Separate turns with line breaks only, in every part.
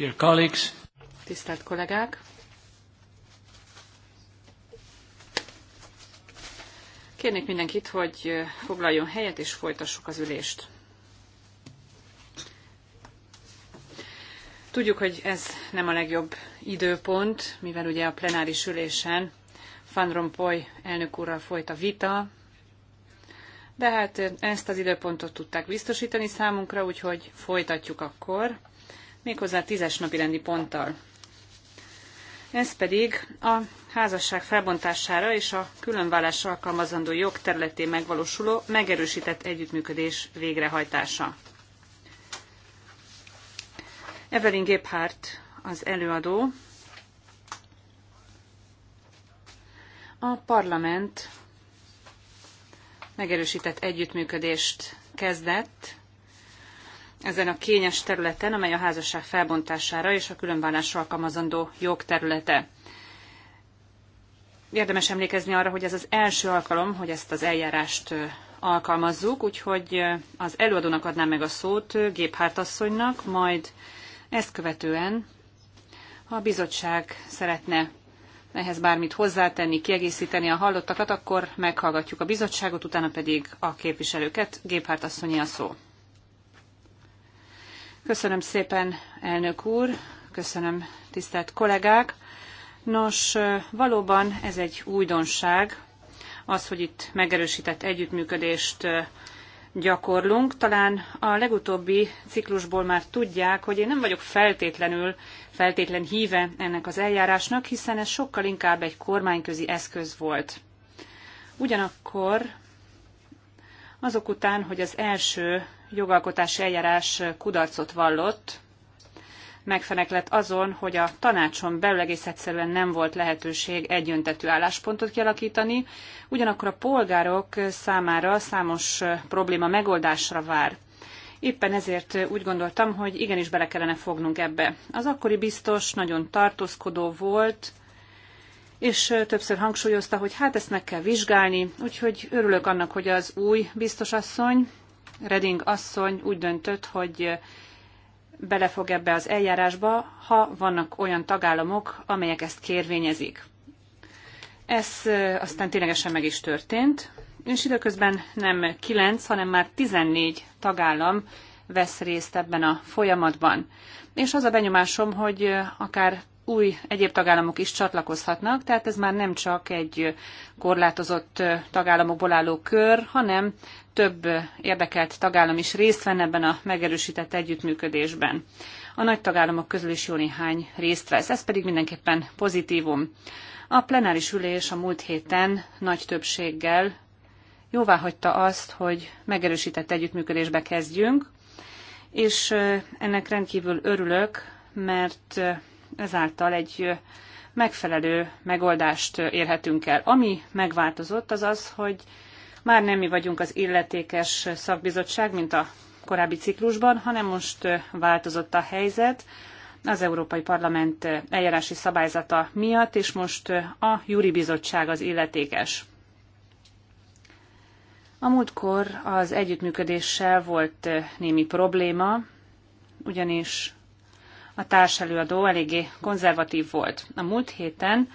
Dear colleagues. Tisztelt kollégák! Kérnék mindenkit, hogy foglaljon helyet és folytassuk az ülést. Tudjuk, hogy ez nem a legjobb időpont, mivel ugye a plenáris ülésen Van Rompuy elnök úrral folyt a vita, de hát ezt az időpontot tudták biztosítani számunkra, úgyhogy folytatjuk akkor méghozzá tízes napi rendi ponttal. Ez pedig a házasság felbontására és a különvállás alkalmazandó jog területén megvalósuló megerősített együttműködés végrehajtása. Evelyn Gephardt az előadó. A parlament megerősített együttműködést kezdett ezen a kényes területen, amely a házasság felbontására és a különvállásra alkalmazandó jog területe. Érdemes emlékezni arra, hogy ez az első alkalom, hogy ezt az eljárást alkalmazzuk, úgyhogy az előadónak adnám meg a szót géphártasszonynak. asszonynak, majd ezt követően, ha a bizottság szeretne ehhez bármit hozzátenni, kiegészíteni a hallottakat, akkor meghallgatjuk a bizottságot, utána pedig a képviselőket. Géphárt asszonyi a szó. Köszönöm szépen, elnök úr, köszönöm, tisztelt kollégák. Nos, valóban ez egy újdonság, az, hogy itt megerősített együttműködést gyakorlunk. Talán a legutóbbi ciklusból már tudják, hogy én nem vagyok feltétlenül feltétlen híve ennek az eljárásnak, hiszen ez sokkal inkább egy kormányközi eszköz volt. Ugyanakkor azok után, hogy az első jogalkotási eljárás kudarcot vallott, megfenek lett azon, hogy a tanácson belül egész egyszerűen nem volt lehetőség egyöntetű álláspontot kialakítani, ugyanakkor a polgárok számára számos probléma megoldásra vár. Éppen ezért úgy gondoltam, hogy igenis bele kellene fognunk ebbe. Az akkori biztos nagyon tartózkodó volt, és többször hangsúlyozta, hogy hát ezt meg kell vizsgálni, úgyhogy örülök annak, hogy az új asszony, Reding asszony úgy döntött, hogy bele fog ebbe az eljárásba, ha vannak olyan tagállamok, amelyek ezt kérvényezik. Ez aztán ténylegesen meg is történt, és időközben nem 9, hanem már 14 tagállam vesz részt ebben a folyamatban. És az a benyomásom, hogy akár új egyéb tagállamok is csatlakozhatnak, tehát ez már nem csak egy korlátozott tagállamokból álló kör, hanem több érdekelt tagállam is részt venne ebben a megerősített együttműködésben. A nagy tagállamok közül is jó néhány részt vesz, ez pedig mindenképpen pozitívum. A plenáris ülés a múlt héten nagy többséggel jóváhagyta azt, hogy megerősített együttműködésbe kezdjünk, és ennek rendkívül örülök, mert ezáltal egy megfelelő megoldást érhetünk el. Ami megváltozott, az az, hogy már nem mi vagyunk az illetékes szakbizottság, mint a korábbi ciklusban, hanem most változott a helyzet az Európai Parlament eljárási szabályzata miatt, és most a Júri Bizottság az illetékes. A múltkor az együttműködéssel volt némi probléma, ugyanis a társelőadó eléggé konzervatív volt. A múlt héten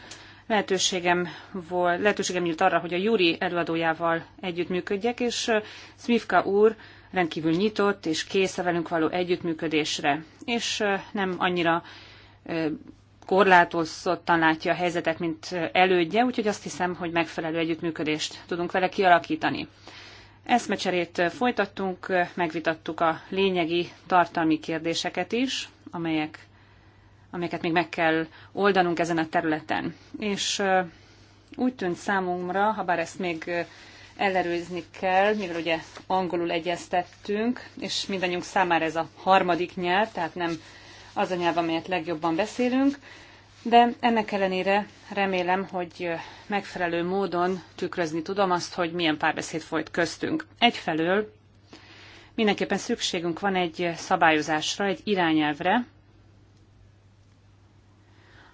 lehetőségem, volt, lehetőségem nyílt arra, hogy a Júri előadójával együttműködjek, és Smivka úr rendkívül nyitott és kész a velünk való együttműködésre, és nem annyira korlátozottan látja a helyzetet, mint elődje, úgyhogy azt hiszem, hogy megfelelő együttműködést tudunk vele kialakítani. Eszmecserét folytattunk, megvitattuk a lényegi tartalmi kérdéseket is, amelyek, amelyeket még meg kell oldanunk ezen a területen. És úgy tűnt számomra, ha bár ezt még ellerőzni kell, mivel ugye angolul egyeztettünk, és mindannyiunk számára ez a harmadik nyelv, tehát nem az a nyelv, amelyet legjobban beszélünk, de ennek ellenére remélem, hogy megfelelő módon tükrözni tudom azt, hogy milyen párbeszéd folyt köztünk. Egyfelől mindenképpen szükségünk van egy szabályozásra, egy irányelvre,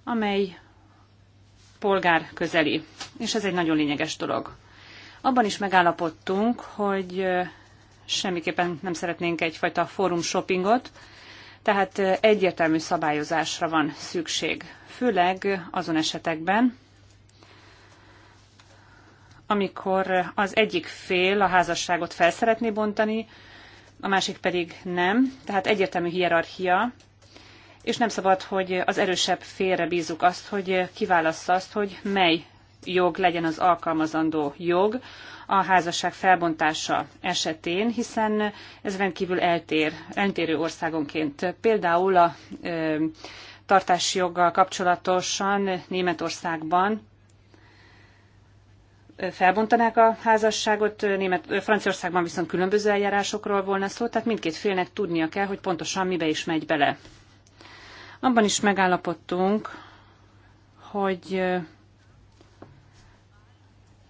amely polgár közeli, és ez egy nagyon lényeges dolog. Abban is megállapodtunk, hogy semmiképpen nem szeretnénk egyfajta fórum shoppingot, tehát egyértelmű szabályozásra van szükség főleg azon esetekben, amikor az egyik fél a házasságot fel szeretné bontani, a másik pedig nem, tehát egyértelmű hierarchia, és nem szabad, hogy az erősebb félre bízzuk azt, hogy kiválassza azt, hogy mely jog legyen az alkalmazandó jog a házasság felbontása esetén, hiszen ez rendkívül eltér, eltérő országonként. Például a tartási joggal kapcsolatosan Németországban felbontanák a házasságot, Német, Franciaországban viszont különböző eljárásokról volna szó, tehát mindkét félnek tudnia kell, hogy pontosan mibe is megy bele. Abban is megállapodtunk, hogy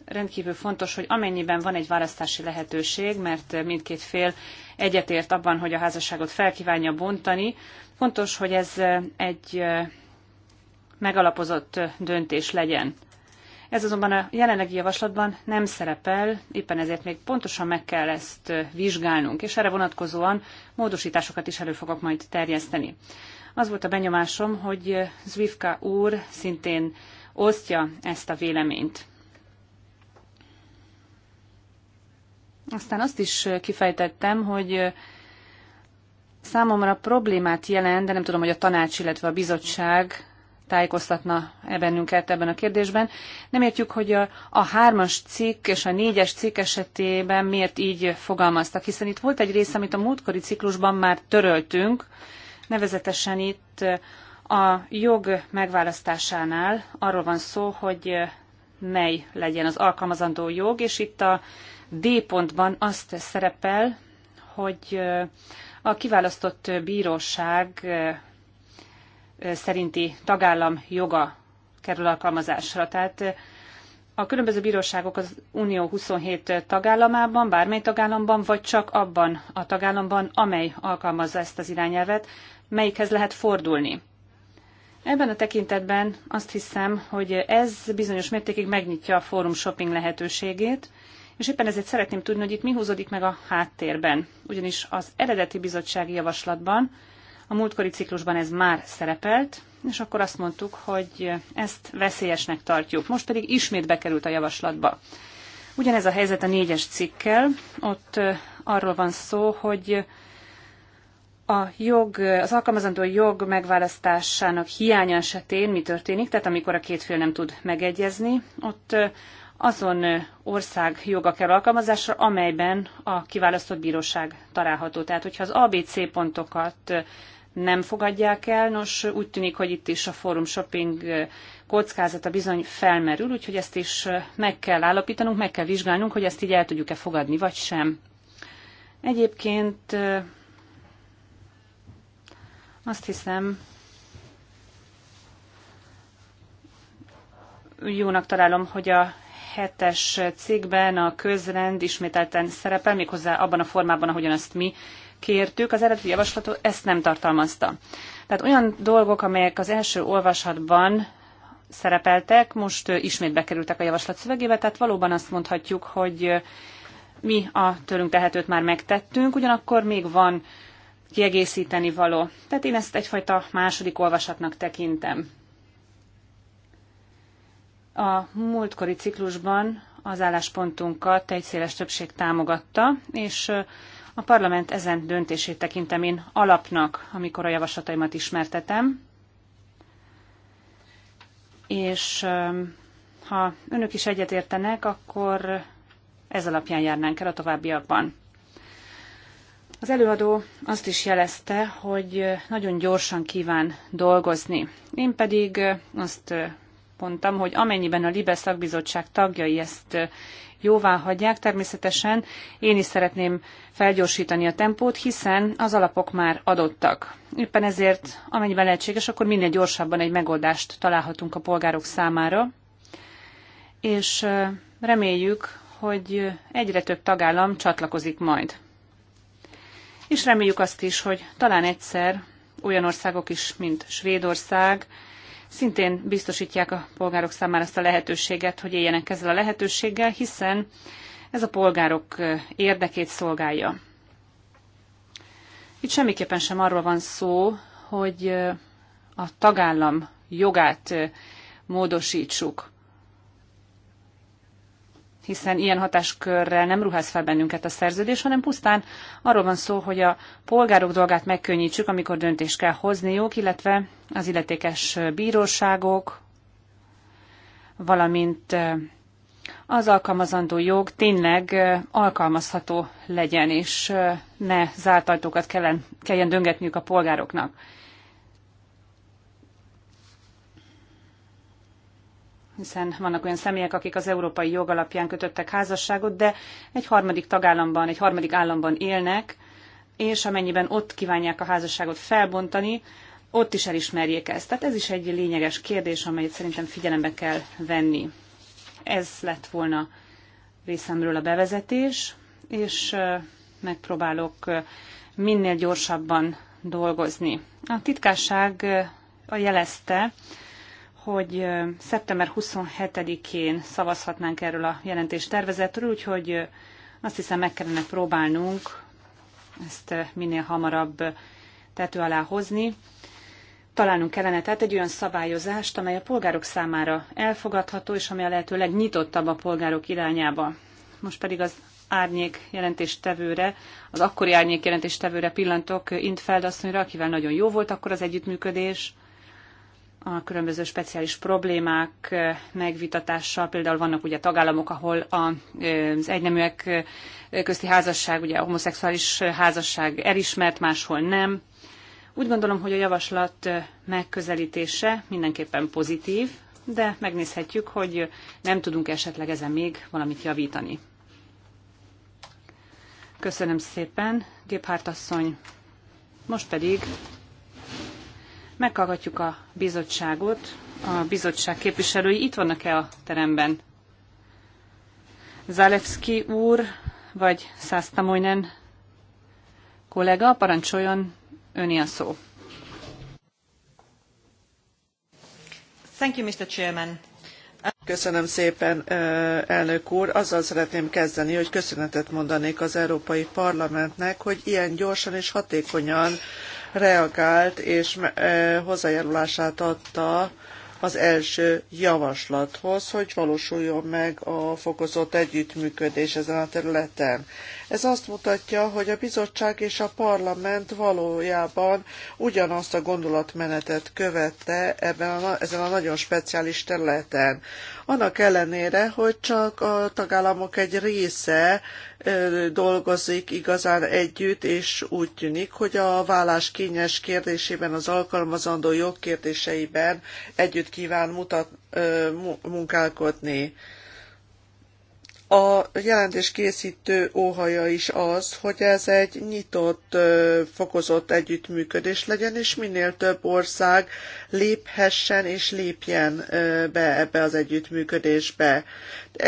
rendkívül fontos, hogy amennyiben van egy választási lehetőség, mert mindkét fél egyetért abban, hogy a házasságot felkívánja bontani, Fontos, hogy ez egy megalapozott döntés legyen. Ez azonban a jelenlegi javaslatban nem szerepel, éppen ezért még pontosan meg kell ezt vizsgálnunk, és erre vonatkozóan módosításokat is elő fogok majd terjeszteni. Az volt a benyomásom, hogy Zwifka úr szintén osztja ezt a véleményt. Aztán azt is kifejtettem, hogy Számomra problémát jelent, de nem tudom, hogy a tanács, illetve a bizottság tájékoztatna e bennünket ebben a kérdésben. Nem értjük, hogy a, a hármas cikk és a négyes cikk esetében miért így fogalmaztak, hiszen itt volt egy rész, amit a múltkori ciklusban már töröltünk, nevezetesen itt a jog megválasztásánál arról van szó, hogy mely legyen az alkalmazandó jog, és itt a D pontban azt szerepel, hogy a kiválasztott bíróság szerinti tagállam joga kerül alkalmazásra. Tehát a különböző bíróságok az Unió 27 tagállamában, bármely tagállamban, vagy csak abban a tagállamban, amely alkalmazza ezt az irányelvet, melyikhez lehet fordulni. Ebben a tekintetben azt hiszem, hogy ez bizonyos mértékig megnyitja a fórum shopping lehetőségét, és éppen ezért szeretném tudni, hogy itt mi húzódik meg a háttérben. Ugyanis az eredeti bizottsági javaslatban, a múltkori ciklusban ez már szerepelt, és akkor azt mondtuk, hogy ezt veszélyesnek tartjuk. Most pedig ismét bekerült a javaslatba. Ugyanez a helyzet a négyes cikkel, ott arról van szó, hogy a jog, az alkalmazandó jog megválasztásának hiánya esetén mi történik, tehát amikor a két fél nem tud megegyezni, ott azon ország joga kell alkalmazásra, amelyben a kiválasztott bíróság található. Tehát, hogyha az ABC pontokat nem fogadják el, nos úgy tűnik, hogy itt is a forum shopping kockázata bizony felmerül, úgyhogy ezt is meg kell állapítanunk, meg kell vizsgálnunk, hogy ezt így el tudjuk-e fogadni, vagy sem. Egyébként azt hiszem, jónak találom, hogy a hetes cikkben a közrend ismételten szerepel, méghozzá abban a formában, ahogyan azt mi kértük. Az eredeti javaslat ezt nem tartalmazta. Tehát olyan dolgok, amelyek az első olvasatban szerepeltek, most ismét bekerültek a javaslat szövegébe, tehát valóban azt mondhatjuk, hogy mi a tőlünk tehetőt már megtettünk, ugyanakkor még van kiegészíteni való. Tehát én ezt egyfajta második olvasatnak tekintem. A múltkori ciklusban az álláspontunkat egy széles többség támogatta, és a parlament ezen döntését tekintem én alapnak, amikor a javaslataimat ismertetem. És ha önök is egyetértenek, akkor ez alapján járnánk el a továbbiakban. Az előadó azt is jelezte, hogy nagyon gyorsan kíván dolgozni. Én pedig azt mondtam, hogy amennyiben a Libe szakbizottság tagjai ezt jóvá hagyják, természetesen én is szeretném felgyorsítani a tempót, hiszen az alapok már adottak. Éppen ezért, amennyiben lehetséges, akkor minél gyorsabban egy megoldást találhatunk a polgárok számára, és reméljük, hogy egyre több tagállam csatlakozik majd. És reméljük azt is, hogy talán egyszer olyan országok is, mint Svédország, szintén biztosítják a polgárok számára ezt a lehetőséget, hogy éljenek ezzel a lehetőséggel, hiszen ez a polgárok érdekét szolgálja. Itt semmiképpen sem arról van szó, hogy a tagállam jogát módosítsuk hiszen ilyen hatáskörrel nem ruház fel bennünket a szerződés, hanem pusztán arról van szó, hogy a polgárok dolgát megkönnyítsük, amikor döntést kell hozniuk, illetve az illetékes bíróságok, valamint az alkalmazandó jog tényleg alkalmazható legyen, és ne zárt ajtókat kelljen, kelljen döngetniük a polgároknak. hiszen vannak olyan személyek, akik az európai jog alapján kötöttek házasságot, de egy harmadik tagállamban, egy harmadik államban élnek, és amennyiben ott kívánják a házasságot felbontani, ott is elismerjék ezt. Tehát ez is egy lényeges kérdés, amelyet szerintem figyelembe kell venni. Ez lett volna részemről a bevezetés, és megpróbálok minél gyorsabban dolgozni. A titkárság jelezte, hogy szeptember 27-én szavazhatnánk erről a tervezetről, úgyhogy azt hiszem meg kellene próbálnunk ezt minél hamarabb tető alá hozni. Találnunk kellene tehát egy olyan szabályozást, amely a polgárok számára elfogadható, és ami a lehető legnyitottabb a polgárok irányába. Most pedig az árnyék jelentéstevőre, az akkori árnyék jelentéstevőre pillantok Intfeld asszonyra, akivel nagyon jó volt akkor az együttműködés, a különböző speciális problémák megvitatása. Például vannak ugye tagállamok, ahol az egyneműek közti házasság, ugye a homoszexuális házasság elismert, máshol nem. Úgy gondolom, hogy a javaslat megközelítése mindenképpen pozitív, de megnézhetjük, hogy nem tudunk esetleg ezen még valamit javítani. Köszönöm szépen, Géphárt asszony. Most pedig Meghallgatjuk a bizottságot. A bizottság képviselői itt vannak-e a teremben? Zalewski úr, vagy Szásztamoinen kollega, parancsoljon
öni a szó.
Thank you, Mr. Chairman.
Köszönöm szépen, elnök úr. Azzal szeretném kezdeni, hogy köszönetet mondanék az Európai Parlamentnek, hogy ilyen gyorsan és hatékonyan reagált és hozzájárulását adta az első javaslathoz, hogy valósuljon meg a fokozott együttműködés ezen a területen. Ez azt mutatja, hogy a bizottság és a parlament valójában ugyanazt a gondolatmenetet követte ebben a, ezen a nagyon speciális területen. Annak ellenére, hogy csak a tagállamok egy része dolgozik igazán együtt, és úgy tűnik, hogy a vállás kényes kérdésében, az alkalmazandó jogkérdéseiben együtt kíván mutat, munkálkodni. A jelentés készítő óhaja is az, hogy ez egy nyitott, fokozott együttműködés legyen, és minél több ország léphessen és lépjen be ebbe az együttműködésbe.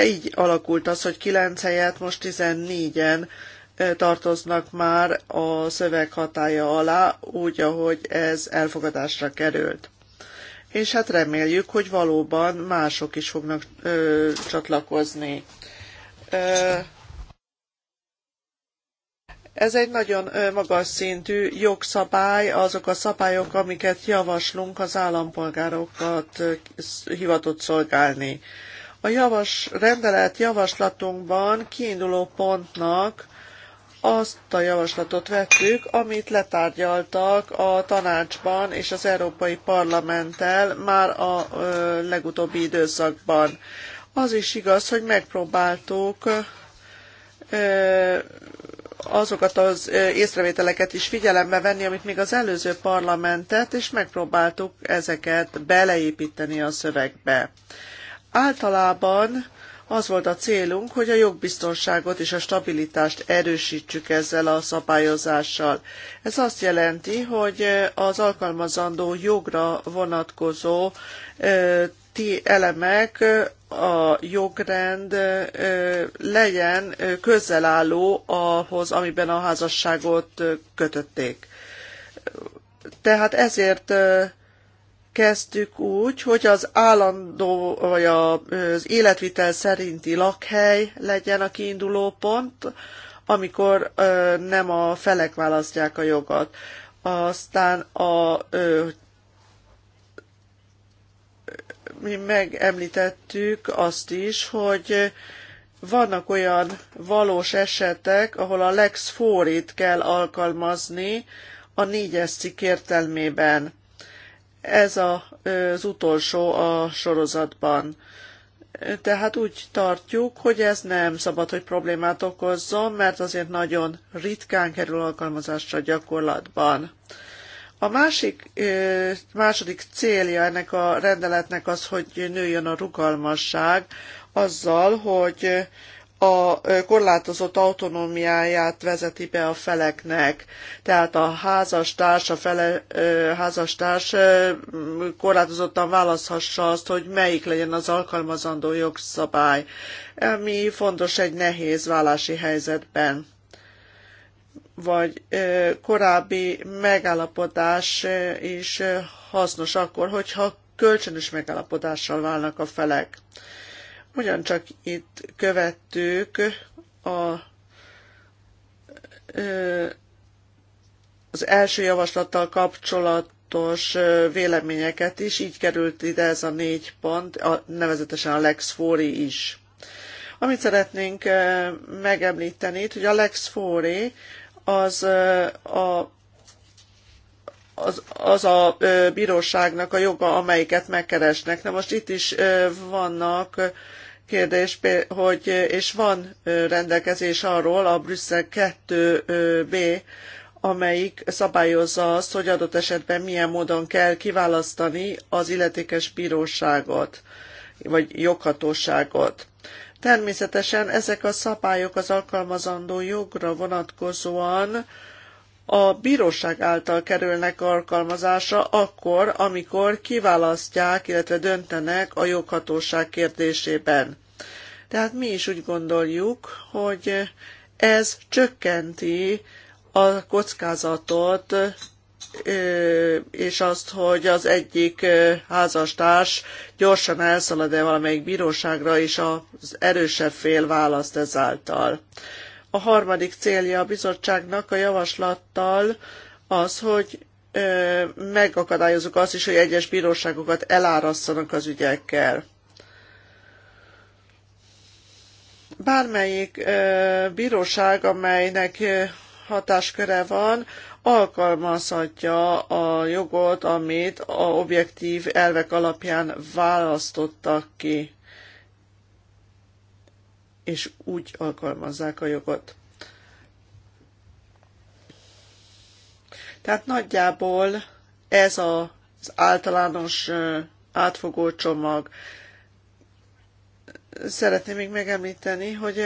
Így alakult az, hogy 9 helyet most 14-en tartoznak már a szöveg hatája alá, úgy, ahogy ez elfogadásra került és hát reméljük, hogy valóban mások is fognak ö, csatlakozni. Ö, ez egy nagyon magas szintű jogszabály, azok a szabályok, amiket javaslunk az állampolgárokat hivatott szolgálni. A javas, rendelet javaslatunkban kiinduló pontnak azt a javaslatot vettük, amit letárgyaltak a tanácsban és az Európai Parlamenttel már a legutóbbi időszakban. Az is igaz, hogy megpróbáltuk azokat az észrevételeket is figyelembe venni, amit még az előző parlamentet, és megpróbáltuk ezeket beleépíteni a szövegbe. Általában az volt a célunk, hogy a jogbiztonságot és a stabilitást erősítsük ezzel a szabályozással. Ez azt jelenti, hogy az alkalmazandó jogra vonatkozó ti elemek a jogrend legyen közel álló ahhoz, amiben a házasságot kötötték. Tehát ezért kezdtük úgy, hogy az állandó, vagy az életvitel szerinti lakhely legyen a kiinduló pont, amikor nem a felek választják a jogot. Aztán a, mi megemlítettük azt is, hogy vannak olyan valós esetek, ahol a lex forit kell alkalmazni a négyes cikk értelmében ez a, az utolsó a sorozatban. Tehát úgy tartjuk, hogy ez nem szabad, hogy problémát okozzon, mert azért nagyon ritkán kerül alkalmazásra gyakorlatban. A másik, második célja ennek a rendeletnek az, hogy nőjön a rugalmasság azzal, hogy a korlátozott autonómiáját vezeti be a feleknek. Tehát a házastárs, a fele, házastárs korlátozottan választhassa azt, hogy melyik legyen az alkalmazandó jogszabály, ami fontos egy nehéz vállási helyzetben vagy korábbi megállapodás is hasznos akkor, hogyha kölcsönös megállapodással válnak a felek. Ugyancsak itt követtük a az első javaslattal kapcsolatos véleményeket is, így került ide ez a négy pont, a, nevezetesen a Lex Fóri is. Amit szeretnénk megemlíteni itt, hogy a Lex Fóri az a az, az a bíróságnak a joga, amelyiket megkeresnek. Na most itt is vannak kérdés, hogy és van rendelkezés arról a Brüsszel 2B, amelyik szabályozza azt, hogy adott esetben milyen módon kell kiválasztani az illetékes bíróságot, vagy joghatóságot. Természetesen ezek a szabályok az alkalmazandó jogra vonatkozóan a bíróság által kerülnek alkalmazásra akkor, amikor kiválasztják, illetve döntenek a joghatóság kérdésében. Tehát mi is úgy gondoljuk, hogy ez csökkenti a kockázatot és azt, hogy az egyik házastárs gyorsan elszalad-e valamelyik bíróságra, és az erősebb fél választ ezáltal a harmadik célja a bizottságnak a javaslattal az, hogy megakadályozzuk azt is, hogy egyes bíróságokat elárasszanak az ügyekkel. Bármelyik bíróság, amelynek hatásköre van, alkalmazhatja a jogot, amit a objektív elvek alapján választottak ki és úgy alkalmazzák a jogot. Tehát nagyjából ez az általános átfogó csomag szeretném még megemlíteni, hogy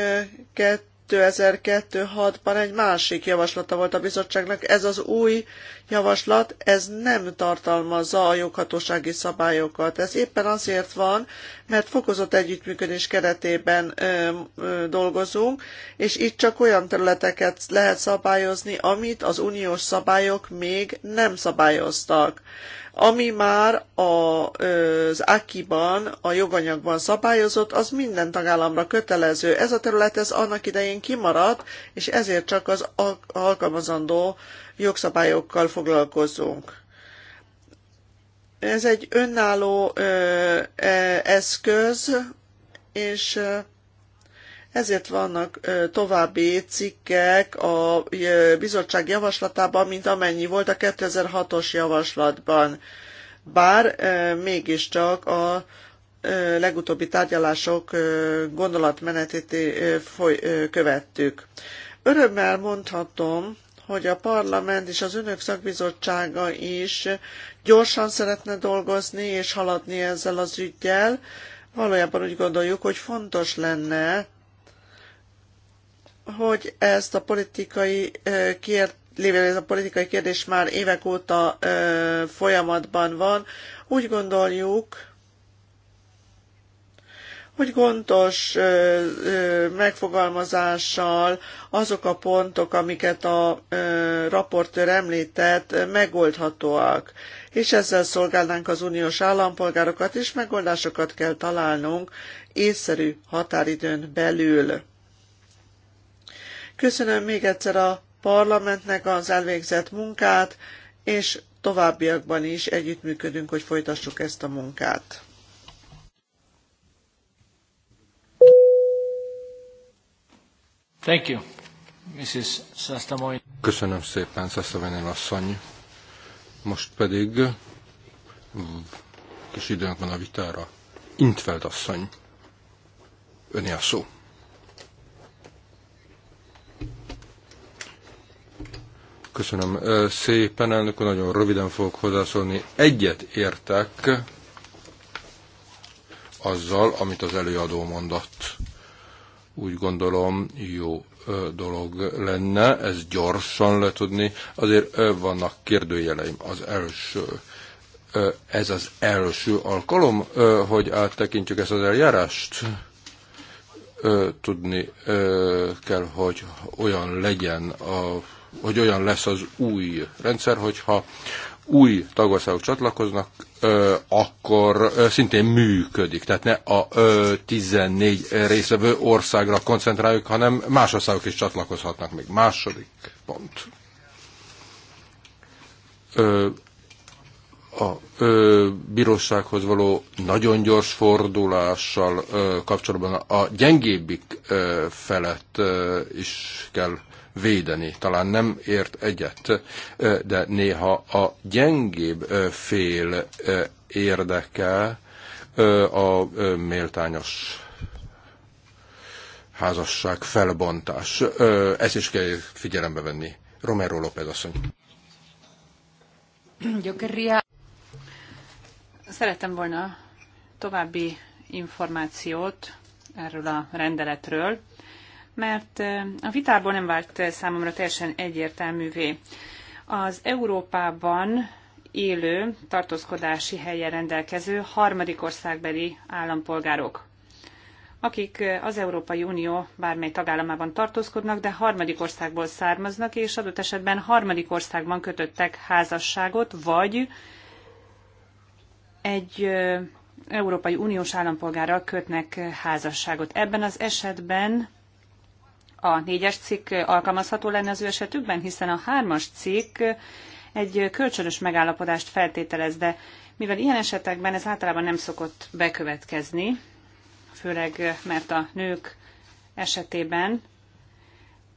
2002-6-ban egy másik javaslata volt a bizottságnak. Ez az új javaslat, ez nem tartalmazza a joghatósági szabályokat. Ez éppen azért van, mert fokozott együttműködés keretében ö, ö, dolgozunk, és itt csak olyan területeket lehet szabályozni, amit az uniós szabályok még nem szabályoztak ami már az AKI-ban, a joganyagban szabályozott, az minden tagállamra kötelező. Ez a terület ez annak idején kimaradt, és ezért csak az alkalmazandó jogszabályokkal foglalkozunk. Ez egy önálló e, eszköz, és ezért vannak további cikkek a bizottság javaslatában, mint amennyi volt a 2006-os javaslatban. Bár mégiscsak a legutóbbi tárgyalások gondolatmenetét követtük. Örömmel mondhatom, hogy a parlament és az önök szakbizottsága is gyorsan szeretne dolgozni és haladni ezzel az ügyjel. Valójában úgy gondoljuk, hogy fontos lenne hogy ezt a politikai kérdést lévén ez a politikai kérdés már évek óta ö, folyamatban van, úgy gondoljuk, hogy gondos ö, ö, megfogalmazással azok a pontok, amiket a ö, raportőr említett, megoldhatóak. És ezzel szolgálnánk az uniós állampolgárokat, és megoldásokat kell találnunk észszerű határidőn belül Köszönöm még egyszer a parlamentnek az elvégzett munkát, és továbbiakban is együttműködünk, hogy folytassuk ezt a munkát.
Thank you, Mrs. Köszönöm szépen, Sastamoy asszony. Most pedig kis időnk van a vitára. Intveld asszony, öné a szó. Köszönöm szépen, elnök nagyon röviden fogok hozzászólni. Egyet értek azzal, amit az előadó mondott. Úgy gondolom, jó dolog lenne, ez gyorsan le tudni. Azért vannak kérdőjeleim. Az első, ez az első alkalom, hogy áttekintjük ezt az eljárást tudni kell, hogy olyan legyen a hogy olyan lesz az új rendszer, hogyha új tagországok csatlakoznak, akkor szintén működik. Tehát ne a 14 részvevő országra koncentráljuk, hanem más országok is csatlakozhatnak még. Második pont. a bírósághoz való nagyon gyors fordulással kapcsolatban a gyengébbik felett is kell védeni. Talán nem ért egyet, de néha a gyengébb fél érdeke a méltányos házasság felbontás. Ez is kell figyelembe venni. Romero López asszony.
Szerettem volna további információt erről a rendeletről, mert a vitából nem vált számomra teljesen egyértelművé. Az Európában élő tartózkodási helyen rendelkező harmadik országbeli állampolgárok, akik az Európai Unió bármely tagállamában tartózkodnak, de harmadik országból származnak, és adott esetben harmadik országban kötöttek házasságot, vagy egy Európai Uniós állampolgárral kötnek házasságot. Ebben az esetben a négyes cikk alkalmazható lenne az ő esetükben, hiszen a hármas cikk egy kölcsönös megállapodást feltételez, de mivel ilyen esetekben ez általában nem szokott bekövetkezni, főleg mert a nők esetében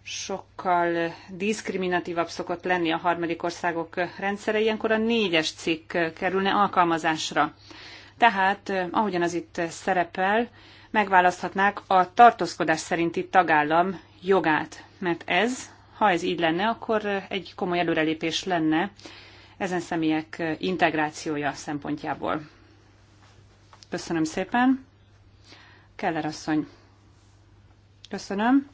sokkal diszkriminatívabb szokott lenni a harmadik országok rendszere, ilyenkor a négyes cikk kerülne alkalmazásra. Tehát, ahogyan az itt szerepel, megválaszthatnák a tartózkodás szerinti tagállam jogát, mert ez, ha ez így lenne, akkor egy komoly előrelépés lenne ezen személyek integrációja szempontjából. Köszönöm szépen. Keller asszony. Köszönöm.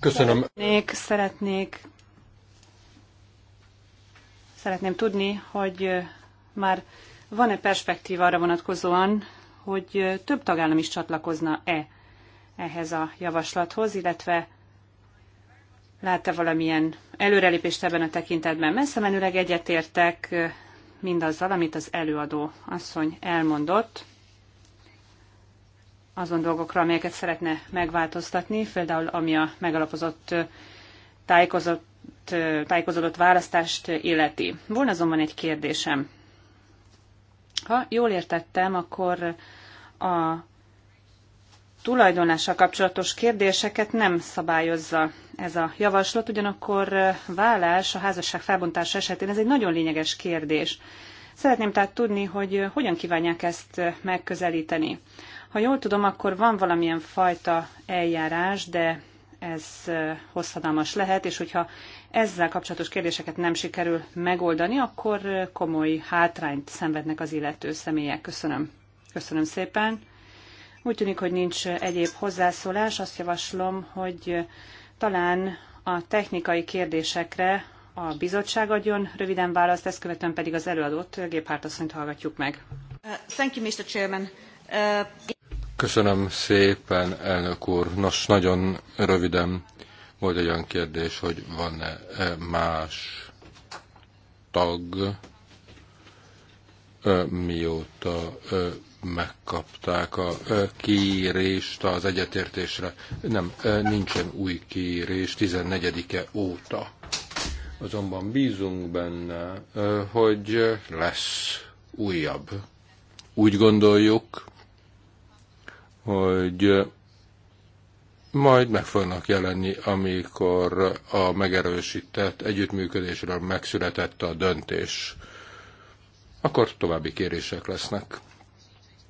Köszönöm. Szeretnék, szeretnék, szeretném tudni, hogy már van-e perspektíva arra vonatkozóan, hogy több tagállam is csatlakozna-e ehhez a javaslathoz, illetve látta valamilyen előrelépést ebben a tekintetben. Messze menőleg egyetértek mindazzal, amit az előadó asszony elmondott, azon dolgokra, amelyeket szeretne megváltoztatni, például ami a megalapozott tájékozott, tájékozódott választást illeti. Volna azonban egy kérdésem. Ha jól értettem, akkor a tulajdonlással kapcsolatos kérdéseket nem szabályozza ez a javaslat, ugyanakkor vállás a házasság felbontása esetén ez egy nagyon lényeges kérdés. Szeretném tehát tudni, hogy hogyan kívánják ezt megközelíteni. Ha jól tudom, akkor van valamilyen fajta eljárás, de ez hosszadalmas lehet, és hogyha ezzel kapcsolatos kérdéseket nem sikerül megoldani, akkor komoly hátrányt szenvednek az illető személyek. Köszönöm. Köszönöm szépen. Úgy tűnik, hogy nincs egyéb hozzászólás. Azt javaslom, hogy talán a technikai kérdésekre a bizottság adjon röviden választ, ezt követően pedig az előadót, Géphárt asszonyt hallgatjuk meg. Thank you, Mr. Chairman.
Köszönöm szépen, elnök úr. Nos, nagyon röviden volt egy olyan kérdés, hogy van-e e, más tag, e, mióta e, megkapták a kiírést az egyetértésre. Nem, nincsen új kérés 14-e óta. Azonban bízunk benne, hogy lesz újabb. Úgy gondoljuk, hogy majd meg fognak jelenni, amikor a megerősített együttműködésről megszületett a döntés. Akkor további kérések lesznek.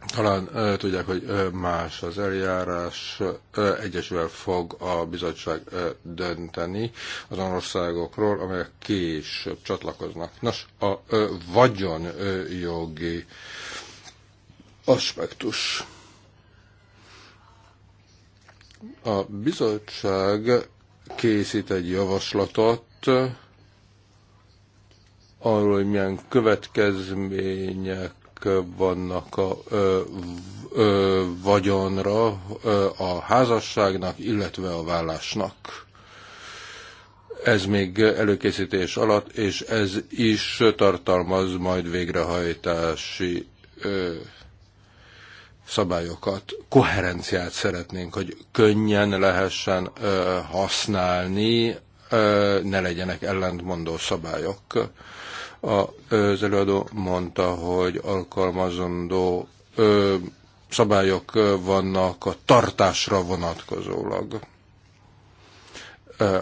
Talán ö, tudják, hogy ö, más az eljárás, ö, egyesülvel fog a bizottság ö, dönteni azon országokról, amelyek később csatlakoznak. Nos, a ö, vagyonjogi aspektus. A bizottság készít egy javaslatot arról, hogy milyen következmények vannak a ö, ö, vagyonra ö, a házasságnak, illetve a vállásnak. Ez még előkészítés alatt, és ez is tartalmaz majd végrehajtási ö, szabályokat, koherenciát szeretnénk, hogy könnyen lehessen ö, használni, ö, ne legyenek ellentmondó szabályok. Az előadó mondta, hogy alkalmazandó ö, szabályok vannak a tartásra vonatkozólag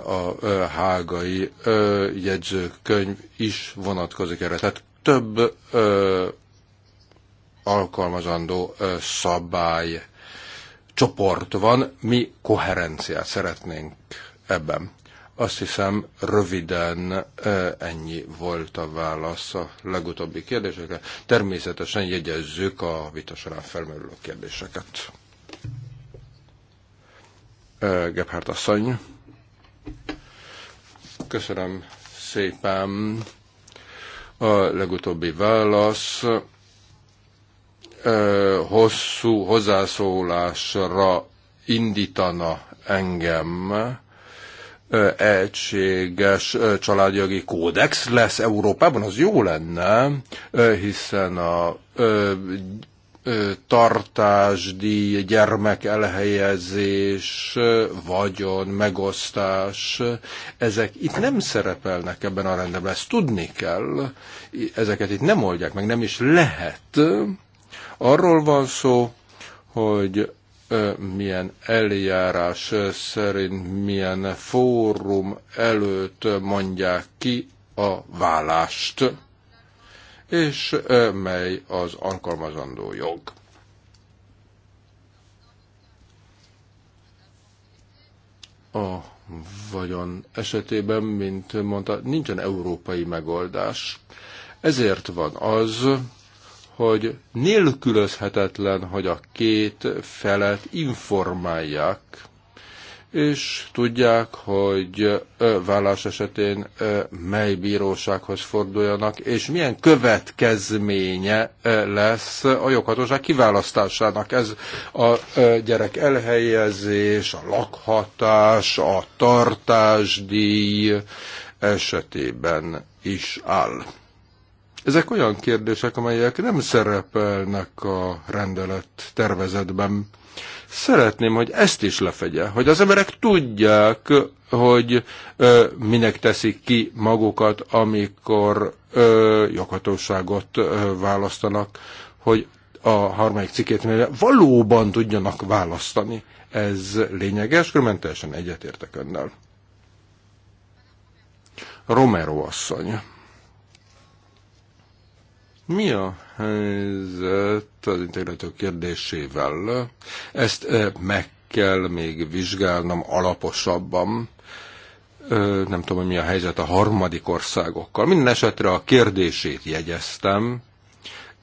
a hágai jegyzőkönyv is vonatkozik erre. Tehát több alkalmazandó szabály csoport van, mi koherenciát szeretnénk ebben. Azt hiszem, röviden ennyi volt a válasz a legutóbbi kérdésekre. Természetesen jegyezzük a vita során felmerülő kérdéseket. Gebhardt asszony. Köszönöm szépen a legutóbbi válasz hosszú hozzászólásra indítana engem egységes családjogi kódex lesz Európában, az jó lenne, hiszen a tartásdíj, gyermek elhelyezés, vagyon, megosztás, ezek itt nem szerepelnek ebben a rendben, ezt tudni kell, ezeket itt nem oldják meg, nem is lehet. Arról van szó, hogy milyen eljárás szerint, milyen fórum előtt mondják ki a vállást, és mely az alkalmazandó jog. A vagyon esetében, mint mondta, nincsen európai megoldás. Ezért van az, hogy nélkülözhetetlen, hogy a két felet informálják, és tudják, hogy vállás esetén mely bírósághoz forduljanak, és milyen következménye lesz a joghatóság kiválasztásának. Ez a gyerek elhelyezés, a lakhatás, a tartásdíj esetében is áll. Ezek olyan kérdések, amelyek nem szerepelnek a rendelet tervezetben. Szeretném, hogy ezt is lefegye, hogy az emberek tudják, hogy ö, minek teszik ki magukat, amikor ö, joghatóságot ö, választanak, hogy a harmadik cikét valóban tudjanak választani. Ez lényeges, különben teljesen egyetértek önnel. Romero asszony. Mi a helyzet az integráció kérdésével? Ezt meg kell még vizsgálnom alaposabban. Nem tudom, hogy mi a helyzet a harmadik országokkal. Minden esetre a kérdését jegyeztem,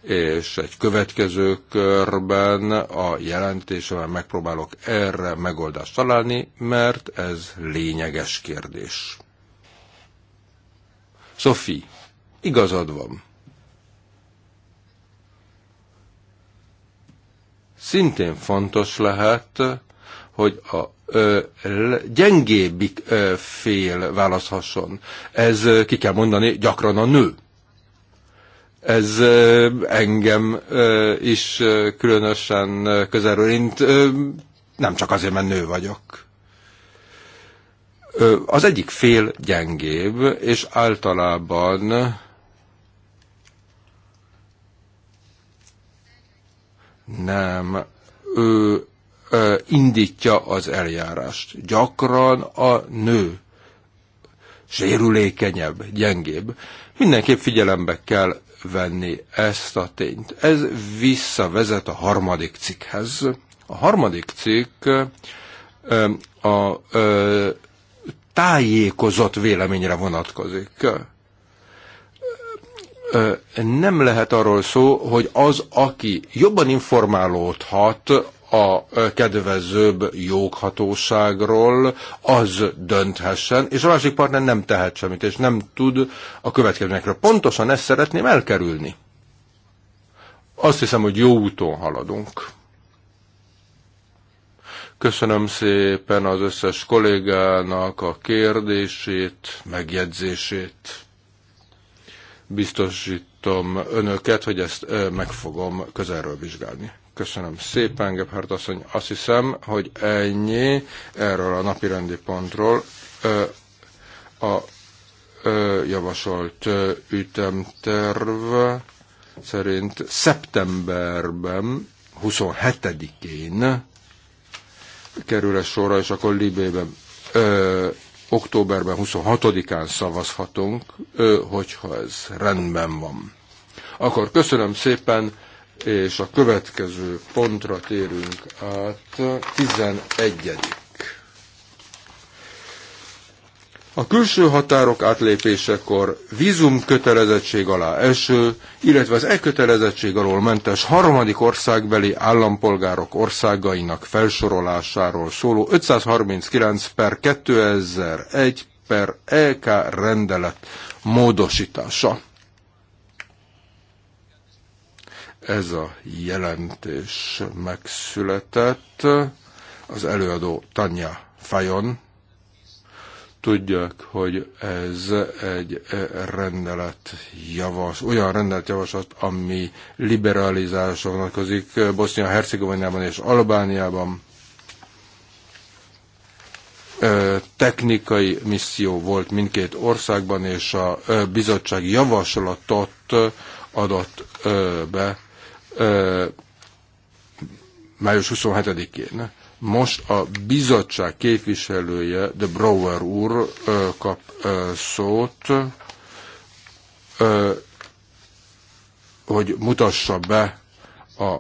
és egy következő körben a jelentésemben megpróbálok erre megoldást találni, mert ez lényeges kérdés. Sophie, igazad van szintén fontos lehet, hogy a ö, gyengébbik ö, fél választhasson. Ez ki kell mondani, gyakran a nő. Ez ö, engem ö, is ö, különösen közelről int, ö, nem csak azért, mert nő vagyok az egyik fél gyengébb, és általában nem ő indítja az eljárást. Gyakran a nő sérülékenyebb, gyengébb. Mindenképp figyelembe kell venni ezt a tényt. Ez visszavezet a harmadik cikkhez. A harmadik cikk a tájékozott véleményre vonatkozik nem lehet arról szó, hogy az, aki jobban informálódhat a kedvezőbb joghatóságról, az dönthessen, és a másik partner nem tehet semmit, és nem tud a következményekről. Pontosan ezt szeretném elkerülni. Azt hiszem, hogy jó úton haladunk. Köszönöm szépen az összes kollégának a kérdését, megjegyzését. Biztosítom önöket, hogy ezt meg fogom közelről vizsgálni. Köszönöm szépen, Gebhardt asszony. Azt hiszem, hogy ennyi erről a napi rendi pontról a javasolt ütemterv szerint szeptemberben, 27-én kerül ez sorra, és akkor Libében októberben 26-án szavazhatunk, hogyha ez rendben van. Akkor köszönöm szépen, és a következő pontra térünk át, 11. A külső határok átlépésekor vízum kötelezettség alá eső, illetve az e kötelezettség alól mentes harmadik országbeli állampolgárok országainak felsorolásáról szóló 539 per 2001 per EK rendelet módosítása. Ez a jelentés megszületett az előadó Tanya Fajon Tudják, hogy ez egy eh, rendelet javas, olyan rendelet javaslat, ami liberalizálásra vonatkozik eh, Bosznia-Hercegovinában és Albániában. Eh, technikai misszió volt mindkét országban, és a bizottság javaslatot adott be május 27-én most a bizottság képviselője, de Brower úr kap szót, hogy mutassa be a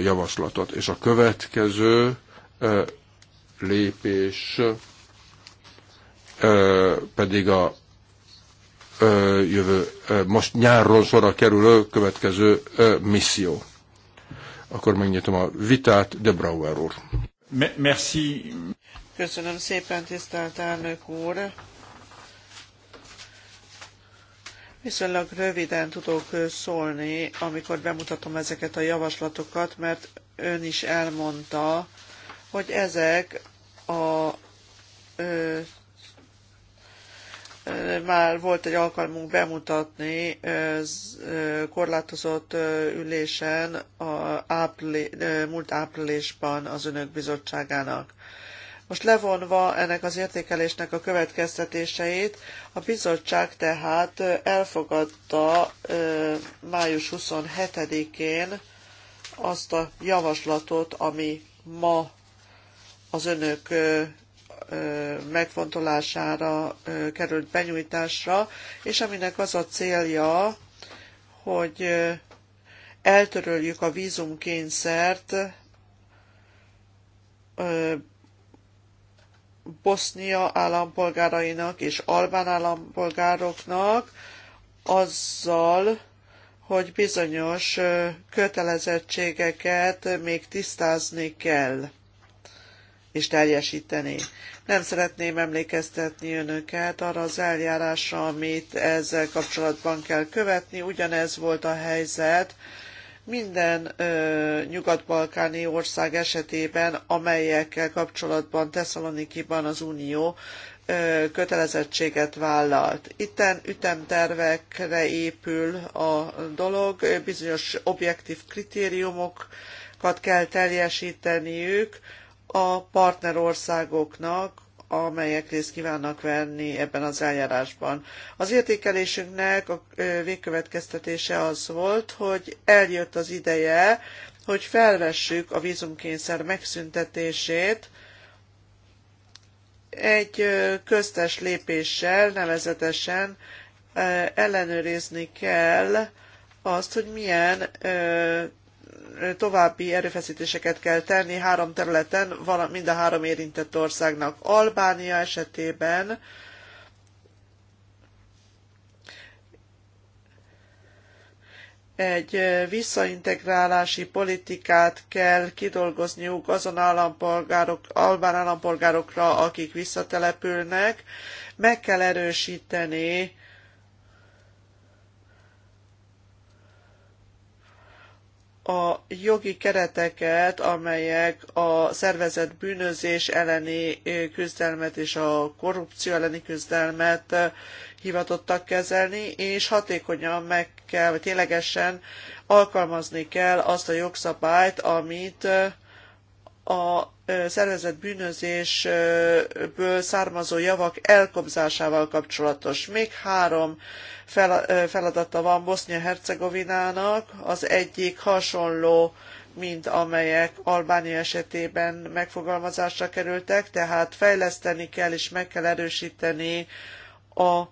javaslatot. És a következő lépés pedig a jövő, most nyáron sorra kerülő következő misszió. Akkor megnyitom a vitát, de Brower úr merci.
Köszönöm szépen, tisztelt elnök úr. Viszonylag röviden tudok szólni, amikor bemutatom ezeket a javaslatokat, mert ön is elmondta, hogy ezek a már volt egy alkalmunk bemutatni korlátozott ülésen a áprili, múlt áprilisban az Önök Bizottságának. Most levonva ennek az értékelésnek a következtetéseit, a bizottság tehát elfogadta május 27-én azt a javaslatot, ami ma az önök megfontolására került benyújtásra, és aminek az a célja, hogy eltöröljük a vízumkényszert Bosznia állampolgárainak és albán állampolgároknak azzal, hogy bizonyos kötelezettségeket még tisztázni kell és teljesíteni. Nem szeretném emlékeztetni önöket arra az eljárásra, amit ezzel kapcsolatban kell követni. Ugyanez volt a helyzet minden nyugat-balkáni ország esetében, amelyekkel kapcsolatban Tesszalonikiban az Unió kötelezettséget vállalt. Itten ütemtervekre épül a dolog, bizonyos objektív kritériumokat kell teljesíteniük, a partnerországoknak, amelyek részt kívánnak venni ebben az eljárásban. Az értékelésünknek a végkövetkeztetése az volt, hogy eljött az ideje, hogy felvessük a vízumkényszer megszüntetését egy köztes lépéssel, nevezetesen ellenőrizni kell azt, hogy milyen további erőfeszítéseket kell tenni három területen, mind a három érintett országnak. Albánia esetében egy visszaintegrálási politikát kell kidolgozniuk azon állampolgárok, albán állampolgárokra, akik visszatelepülnek. Meg kell erősíteni a jogi kereteket, amelyek a szervezett bűnözés elleni küzdelmet és a korrupció elleni küzdelmet hivatottak kezelni, és hatékonyan meg kell, vagy ténylegesen alkalmazni kell azt a jogszabályt, amit a szervezett bűnözésből származó javak elkobzásával kapcsolatos. Még három feladata van Bosznia-Hercegovinának, az egyik hasonló mint amelyek Albánia esetében megfogalmazásra kerültek, tehát fejleszteni kell és meg kell erősíteni a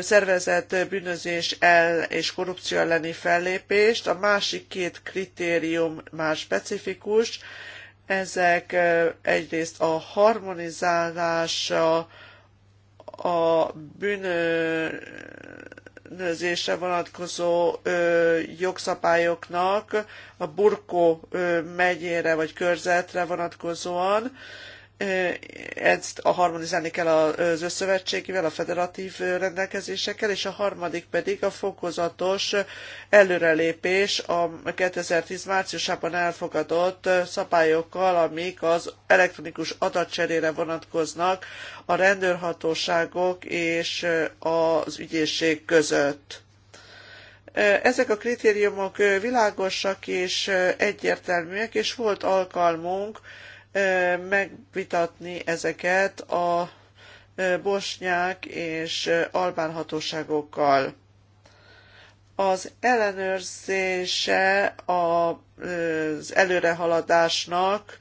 szervezett bűnözés el és korrupció elleni fellépést, a másik két kritérium már specifikus, ezek egyrészt a harmonizálása, a bűnözésre vonatkozó jogszabályoknak a Burkó megyére vagy körzetre vonatkozóan, ezt a harmonizálni kell az összövetségével, a federatív rendelkezésekkel, és a harmadik pedig a fokozatos előrelépés a 2010 márciusában elfogadott szabályokkal, amik az elektronikus adatcserére vonatkoznak a rendőrhatóságok és az ügyészség között. Ezek a kritériumok világosak és egyértelműek, és volt alkalmunk, megvitatni ezeket a bosnyák és albán hatóságokkal. Az ellenőrzése az előrehaladásnak,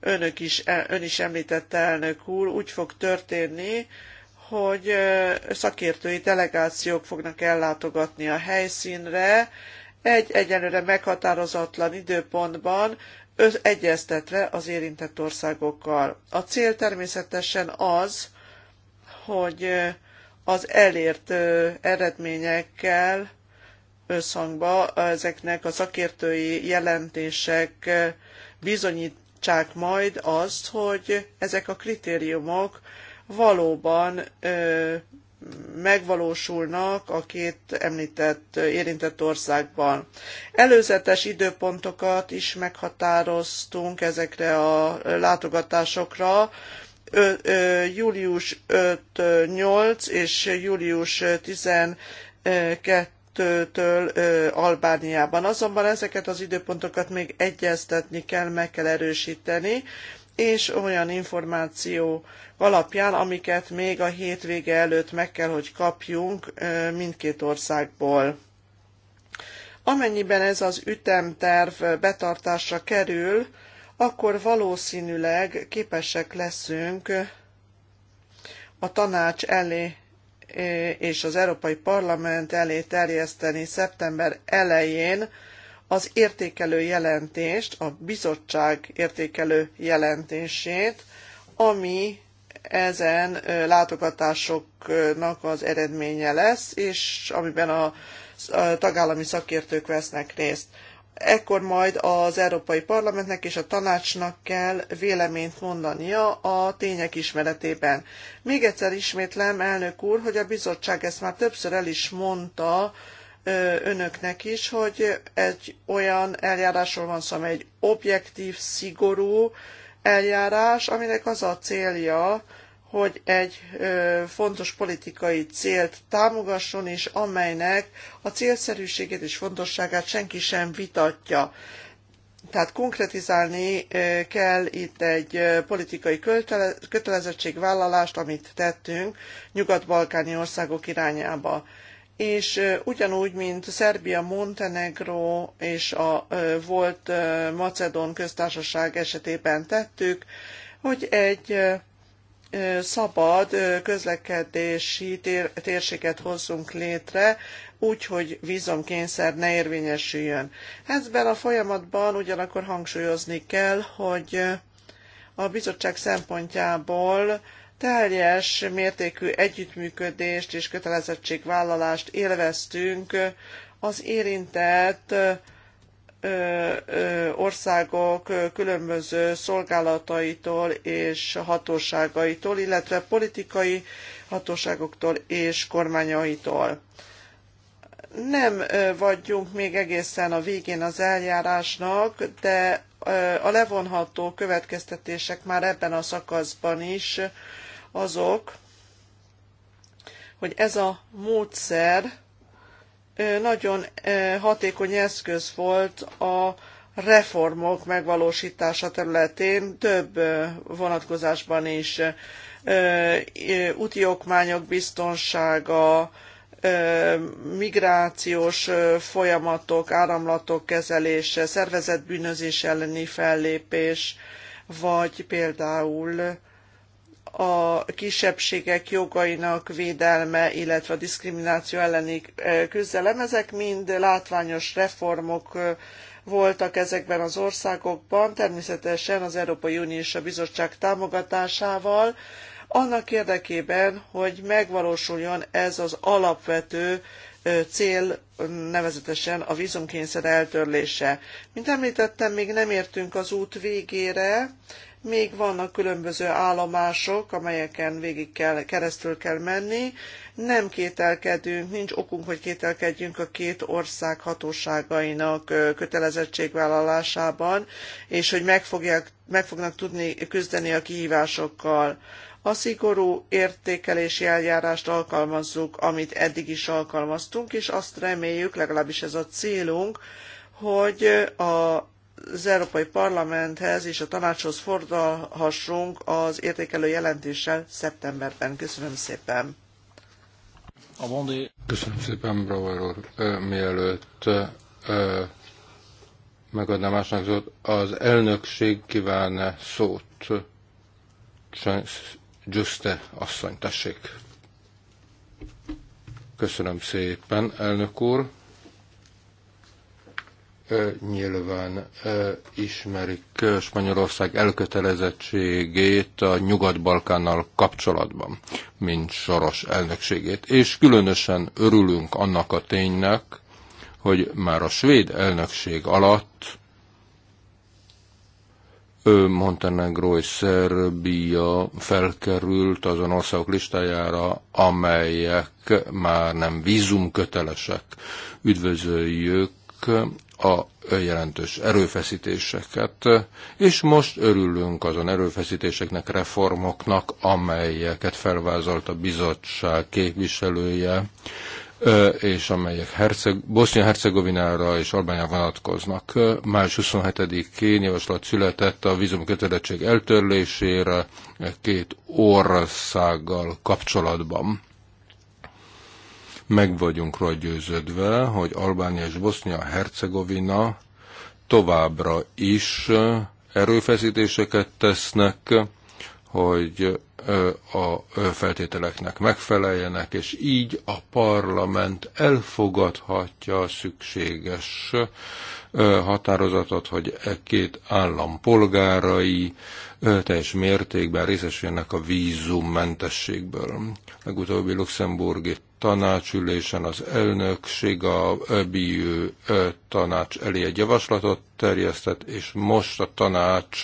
önök is, e, ön is említette elnök úr, úgy fog történni, hogy szakértői delegációk fognak ellátogatni a helyszínre, egy egyelőre meghatározatlan időpontban egyeztetve az érintett országokkal. A cél természetesen az, hogy az elért eredményekkel összhangba ezeknek a szakértői jelentések bizonyítsák majd azt, hogy ezek a kritériumok valóban megvalósulnak a két említett érintett országban. Előzetes időpontokat is meghatároztunk ezekre a látogatásokra, Ö, ö, július 5-8 és július 12-től Albániában. Azonban ezeket az időpontokat még egyeztetni kell, meg kell erősíteni, és olyan információ alapján, amiket még a hétvége előtt meg kell, hogy kapjunk mindkét országból. Amennyiben ez az ütemterv betartásra kerül, akkor valószínűleg képesek leszünk a tanács elé és az Európai Parlament elé terjeszteni szeptember elején az értékelő jelentést, a bizottság értékelő jelentését, ami ezen látogatásoknak az eredménye lesz, és amiben a tagállami szakértők vesznek részt. Ekkor majd az Európai Parlamentnek és a tanácsnak kell véleményt mondania a tények ismeretében. Még egyszer ismétlem, elnök úr, hogy a bizottság ezt már többször el is mondta, önöknek is, hogy egy olyan eljárásról van szó, amely egy objektív, szigorú eljárás, aminek az a célja, hogy egy fontos politikai célt támogasson, és amelynek a célszerűségét és fontosságát senki sem vitatja. Tehát konkretizálni kell itt egy politikai kötelezettségvállalást, amit tettünk nyugat-balkáni országok irányába és ugyanúgy, mint Szerbia, Montenegro és a volt Macedón köztársaság esetében tettük, hogy egy szabad közlekedési térséget hozzunk létre, úgy, hogy vízomkényszer ne érvényesüljön. Ezben a folyamatban ugyanakkor hangsúlyozni kell, hogy a bizottság szempontjából teljes mértékű együttműködést és kötelezettségvállalást élveztünk az érintett országok különböző szolgálataitól és hatóságaitól, illetve politikai hatóságoktól és kormányaitól. Nem vagyunk még egészen a végén az eljárásnak, de a levonható következtetések már ebben a szakaszban is azok, hogy ez a módszer nagyon hatékony eszköz volt a reformok megvalósítása területén több vonatkozásban is. Úti okmányok biztonsága, migrációs folyamatok, áramlatok kezelése, szervezett bűnözés elleni fellépés, vagy például a kisebbségek jogainak védelme, illetve a diszkrimináció elleni küzdelem, ezek mind látványos reformok voltak ezekben az országokban, természetesen az Európai Unió és a Bizottság támogatásával, annak érdekében, hogy megvalósuljon ez az alapvető cél, nevezetesen a vízumkényszer eltörlése. Mint említettem, még nem értünk az út végére, még vannak különböző állomások, amelyeken végig kell, keresztül kell menni. Nem kételkedünk, nincs okunk, hogy kételkedjünk a két ország hatóságainak kötelezettségvállalásában, és hogy meg, fogják, meg fognak tudni küzdeni a kihívásokkal. A szigorú értékelési eljárást alkalmazzuk, amit eddig is alkalmaztunk, és azt reméljük, legalábbis ez a célunk, hogy a az Európai Parlamenthez és a tanácshoz fordulhassunk az értékelő jelentéssel szeptemberben. Köszönöm szépen!
Köszönöm szépen, Brauer úr. Mielőtt megadnám másnak szót, az elnökség kíván szót. Győzte asszony, tessék. Köszönöm szépen, elnök úr nyilván ismerik Spanyolország elkötelezettségét a Nyugat-Balkánnal kapcsolatban, mint soros elnökségét. És különösen örülünk annak a ténynek, hogy már a svéd elnökség alatt Montenegro és Szerbia felkerült azon országok listájára, amelyek már nem vízumkötelesek. Üdvözöljük a jelentős erőfeszítéseket, és most örülünk azon erőfeszítéseknek, reformoknak, amelyeket felvázolt a bizottság képviselője, és amelyek Herceg, Bosznia-Hercegovinára és Albániára vonatkoznak. Május 27-én javaslat született a vízumkötelezettség eltörlésére két országgal kapcsolatban. Meg vagyunk róla győződve, hogy Albánia és Bosznia-Hercegovina továbbra is erőfeszítéseket tesznek, hogy a feltételeknek megfeleljenek, és így a parlament elfogadhatja a szükséges határozatot, hogy e két állam polgárai teljes mértékben részesüljenek a vízummentességből. Legutóbbi luxemburgi tanácsülésen az elnökség a BIU tanács elé egy javaslatot terjesztett, és most a tanács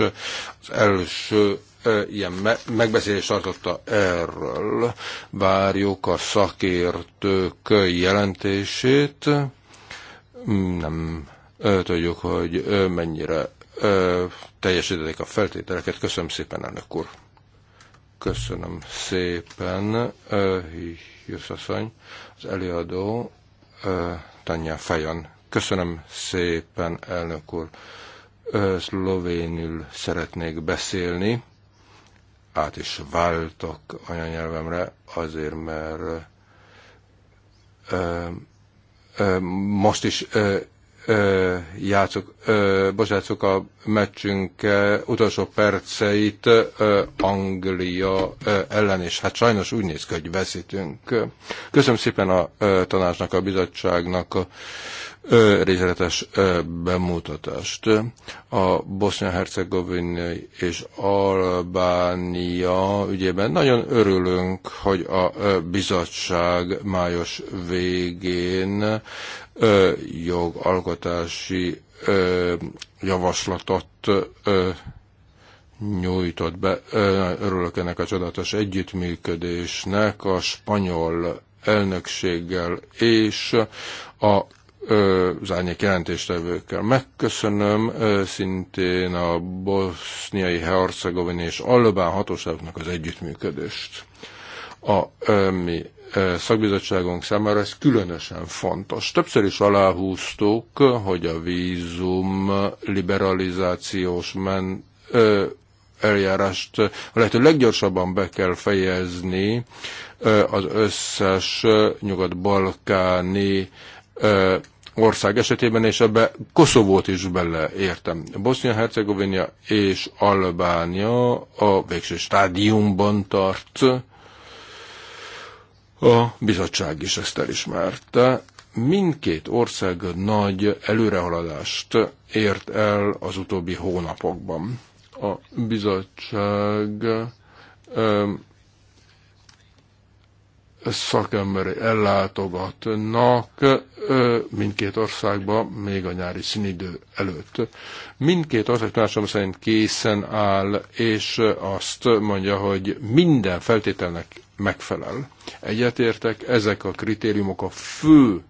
az első ilyen megbeszélést tartotta erről. Várjuk a szakértők jelentését. Nem tudjuk, hogy mennyire teljesítették a feltételeket. Köszönöm szépen, elnök úr. Köszönöm szépen. Hughes az előadó Tanya Fajon. Köszönöm szépen, elnök úr. Szlovénül szeretnék beszélni. Át is váltok anyanyelvemre, azért mert most is játszok, játszuk, a meccsünk utolsó perceit Anglia ellen, és hát sajnos úgy néz ki, hogy veszítünk. Köszönöm szépen a tanácsnak, a bizottságnak, a részletes bemutatást. A Bosznia-Hercegovinai és Albánia ügyében nagyon örülünk, hogy a bizottság május végén jogalkotási javaslatot nyújtott be. Örülök ennek a csodatos együttműködésnek a spanyol elnökséggel és a az árnyék jelentéstevőkkel. Megköszönöm szintén a boszniai, hercegovini és albán hatóságoknak az együttműködést. A mi szakbizottságunk számára ez különösen fontos. Többször is aláhúztuk, hogy a vízum liberalizációs men, eljárást a lehető leggyorsabban be kell fejezni az összes nyugat-balkáni ország esetében, és ebbe Koszovót is beleértem. bosnia hercegovina és Albánia a végső stádiumban tart. A bizottság is ezt elismerte. Mindkét ország nagy előrehaladást ért el az utóbbi hónapokban. A bizottság szakemberi ellátogatnak mindkét országba még a nyári színidő előtt. Mindkét ország tanácsom szerint készen áll, és azt mondja, hogy minden feltételnek megfelel. Egyetértek, ezek a kritériumok a fő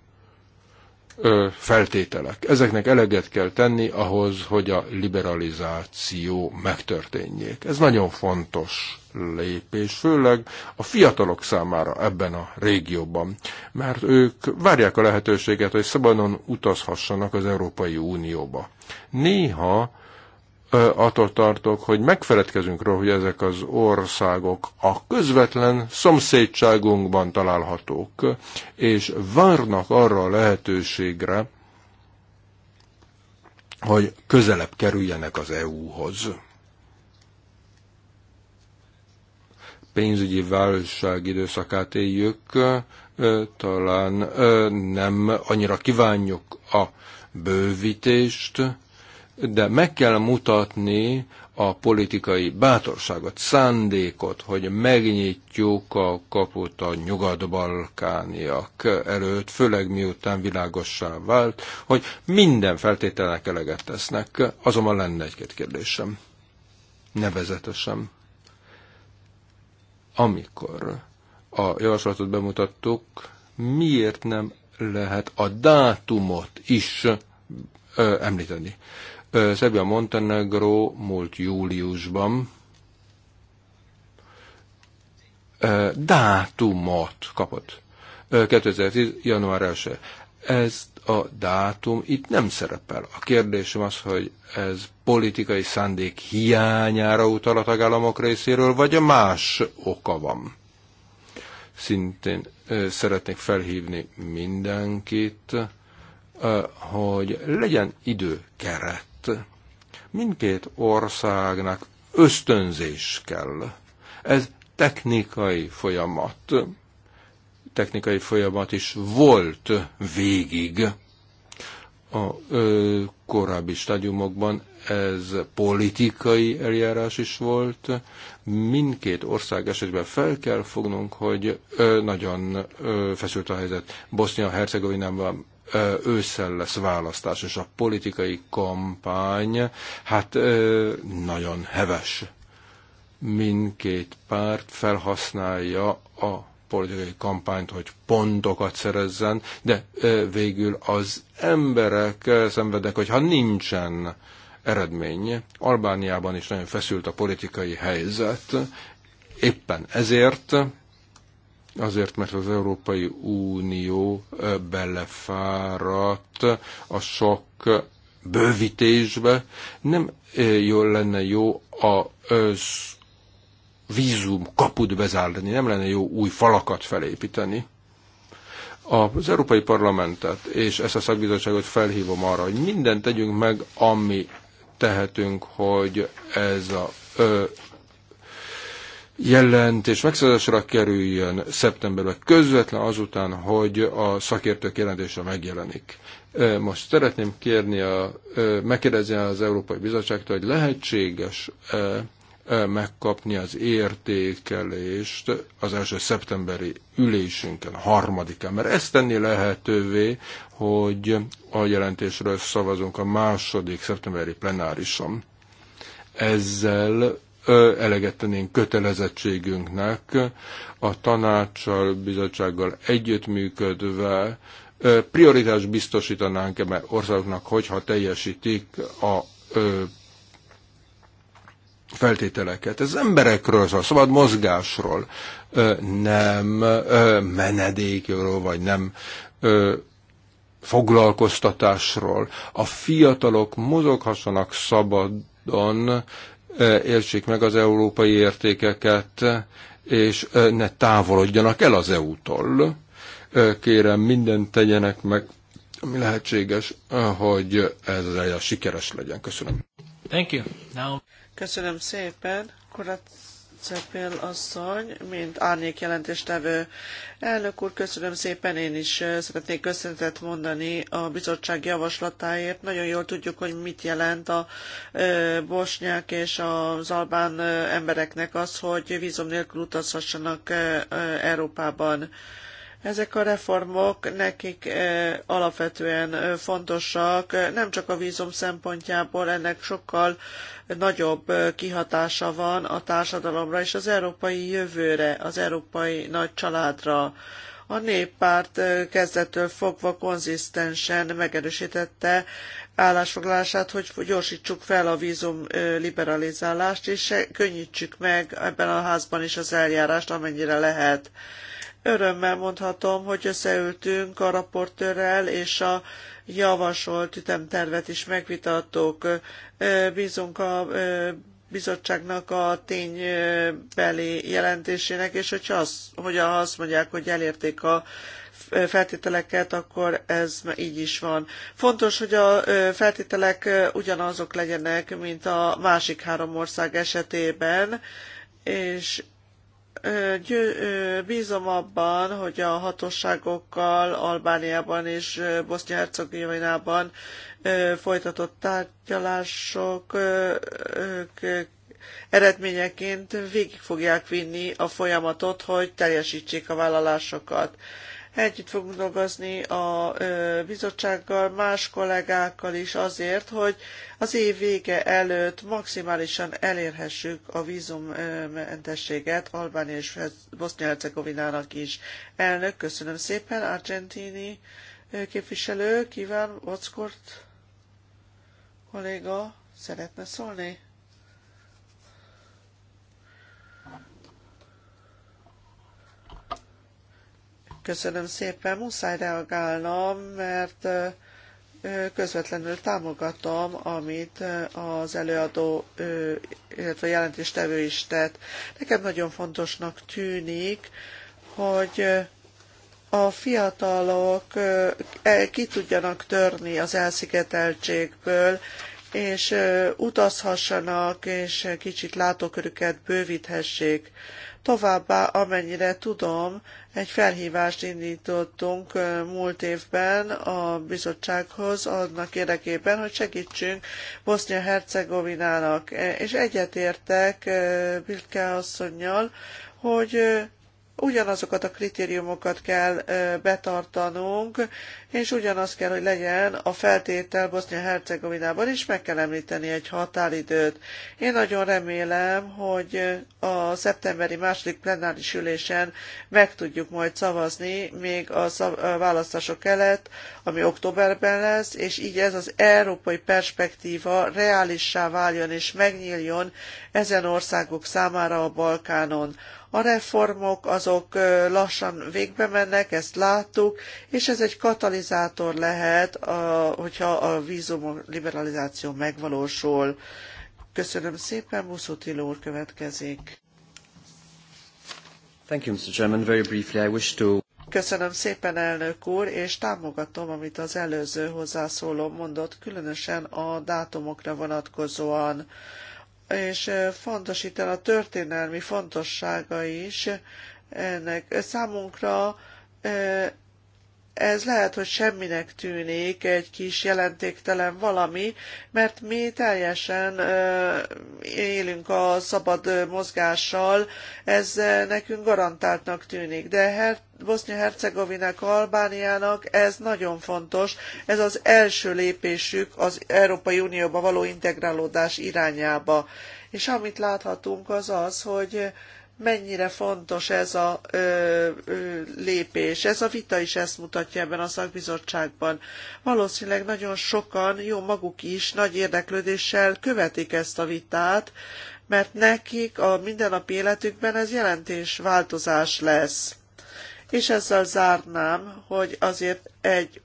feltételek. Ezeknek eleget kell tenni ahhoz, hogy a liberalizáció megtörténjék. Ez nagyon fontos lépés, főleg a fiatalok számára ebben a régióban, mert ők várják a lehetőséget, hogy szabadon utazhassanak az Európai Unióba. Néha attól tartok, hogy megfeledkezünk róla, hogy ezek az országok a közvetlen szomszédságunkban találhatók, és várnak arra a lehetőségre, hogy közelebb kerüljenek az EU-hoz. Pénzügyi válság időszakát éljük, talán nem annyira kívánjuk a bővítést, de meg kell mutatni a politikai bátorságot, szándékot, hogy megnyitjuk a kaput a nyugat-balkániak előtt, főleg miután világossá vált, hogy minden feltételnek eleget tesznek. Azonban lenne egy-két kérdésem. Nevezetesen. Amikor a javaslatot bemutattuk, miért nem lehet a dátumot is ö, említeni? Szerbia Montenegro múlt júliusban dátumot kapott. 2010. január 1 Ez a dátum itt nem szerepel. A kérdésem az, hogy ez politikai szándék hiányára utal a tagállamok részéről, vagy a más oka van. Szintén szeretnék felhívni mindenkit, hogy legyen időkeret mindkét országnak ösztönzés kell. Ez technikai folyamat. Technikai folyamat is volt végig. A ö, korábbi stadiumokban ez politikai eljárás is volt. Mindkét ország esetben fel kell fognunk, hogy ö, nagyon ö, feszült a helyzet. Bosznia-Hercegovinában ősszel lesz választás, és a politikai kampány, hát nagyon heves. Mindkét párt felhasználja a politikai kampányt, hogy pontokat szerezzen, de végül az emberek szenvedek, hogyha nincsen eredmény. Albániában is nagyon feszült a politikai helyzet, éppen ezért Azért, mert az Európai Unió eh, belefáradt a sok eh, bővítésbe. Nem eh, jól lenne jó a vízum kaput bezárni, nem lenne jó új falakat felépíteni az Európai Parlamentet és ezt a szakbizottságot felhívom arra, hogy mindent tegyünk meg, ami tehetünk, hogy ez a jelentés megszerzésre kerüljön szeptemberben, közvetlen azután, hogy a szakértők jelentése megjelenik. Most szeretném kérni, a, megkérdezni az Európai Bizottságtól, hogy lehetséges -e megkapni az értékelést az első szeptemberi ülésünkön, harmadikán, mert ezt tenni lehetővé, hogy a jelentésről szavazunk a második szeptemberi plenárison. Ezzel eleget tennénk kötelezettségünknek a tanácssal, bizottsággal együttműködve, prioritás biztosítanánk e országoknak, hogyha teljesítik a feltételeket. Ez emberekről szól, szabad mozgásról, nem menedékről, vagy nem foglalkoztatásról. A fiatalok mozoghassanak szabadon, értsék meg az európai értékeket, és ne távolodjanak el az EU-tól. Kérem, mindent tegyenek meg, ami lehetséges, hogy ez a sikeres legyen. Köszönöm. Thank you. Now...
Köszönöm szépen. a Cepél asszony, mint árnyék jelentéstevő. Elnök úr, köszönöm szépen, én is szeretnék köszönetet mondani a bizottság javaslatáért. Nagyon jól tudjuk, hogy mit jelent a bosnyák és az albán embereknek az, hogy vízum nélkül utazhassanak Európában. Ezek a reformok nekik eh, alapvetően eh, fontosak, nem csak a vízum szempontjából, ennek sokkal nagyobb eh, kihatása van a társadalomra és az európai jövőre, az európai nagy családra. A néppárt kezdettől fogva konzisztensen megerősítette állásfoglalását, hogy gyorsítsuk fel a vízum liberalizálást, és könnyítsük meg ebben a házban is az eljárást, amennyire lehet Örömmel mondhatom, hogy összeültünk a raportőrrel, és a javasolt ütemtervet is megvitattuk. Bízunk a bizottságnak a ténybeli jelentésének, és hogyha azt, azt mondják, hogy elérték a feltételeket, akkor ez így is van. Fontos, hogy a feltételek ugyanazok legyenek, mint a másik három ország esetében, és győ, bízom abban, hogy a hatóságokkal Albániában és Bosznia-Hercegovinában folytatott tárgyalások eredményeként végig fogják vinni a folyamatot, hogy teljesítsék a vállalásokat. Együtt fogunk dolgozni a bizottsággal, más kollégákkal is azért, hogy az év vége előtt maximálisan elérhessük a vízummentességet Albánia és Bosznia-Hercegovinának is. Elnök, köszönöm szépen, argentini képviselő, kíván Ockort kolléga szeretne szólni? Köszönöm szépen, muszáj reagálnom, mert közvetlenül támogatom, amit az előadó, illetve a jelentéstevő is tett. Nekem nagyon fontosnak tűnik, hogy a fiatalok e, ki tudjanak törni az elszigeteltségből, és utazhassanak, és kicsit látókörüket bővíthessék. Továbbá, amennyire tudom, egy felhívást indítottunk múlt évben a bizottsághoz annak érdekében, hogy segítsünk Bosznia-Hercegovinának, e, és egyetértek Bilke asszonynal, hogy ugyanazokat a kritériumokat kell betartanunk, és ugyanaz kell, hogy legyen a feltétel Bosznia-Hercegovinában is, meg kell említeni egy határidőt. Én nagyon remélem, hogy a szeptemberi második plenáris ülésen meg tudjuk majd szavazni még a, szav- a választások előtt, ami októberben lesz, és így ez az európai perspektíva reálissá váljon és megnyíljon ezen országok számára a Balkánon. A reformok azok lassan végbe mennek, ezt láttuk, és ez egy katalizátor katalizátor lehet, a, hogyha a vízum liberalizáció megvalósul. Köszönöm szépen, Buszutiló úr következik. Thank you, Mr. Chairman. Very briefly, I wish to... Köszönöm szépen, elnök úr, és támogatom, amit az előző hozzászóló mondott, különösen a dátumokra vonatkozóan. És eh, fontos itt a történelmi fontossága is ennek eh, számunkra eh, ez lehet, hogy semminek tűnik egy kis jelentéktelen valami, mert mi teljesen élünk a szabad mozgással, ez nekünk garantáltnak tűnik. De her- Bosznia-Hercegovinak, Albániának ez nagyon fontos, ez az első lépésük az Európai Unióba való integrálódás irányába. És amit láthatunk az az, hogy mennyire fontos ez a ö, ö, lépés. Ez a vita is ezt mutatja ebben a szakbizottságban. Valószínűleg nagyon sokan, jó maguk is, nagy érdeklődéssel követik ezt a vitát, mert nekik a mindennapi életükben ez jelentés változás lesz. És ezzel zárnám, hogy azért egy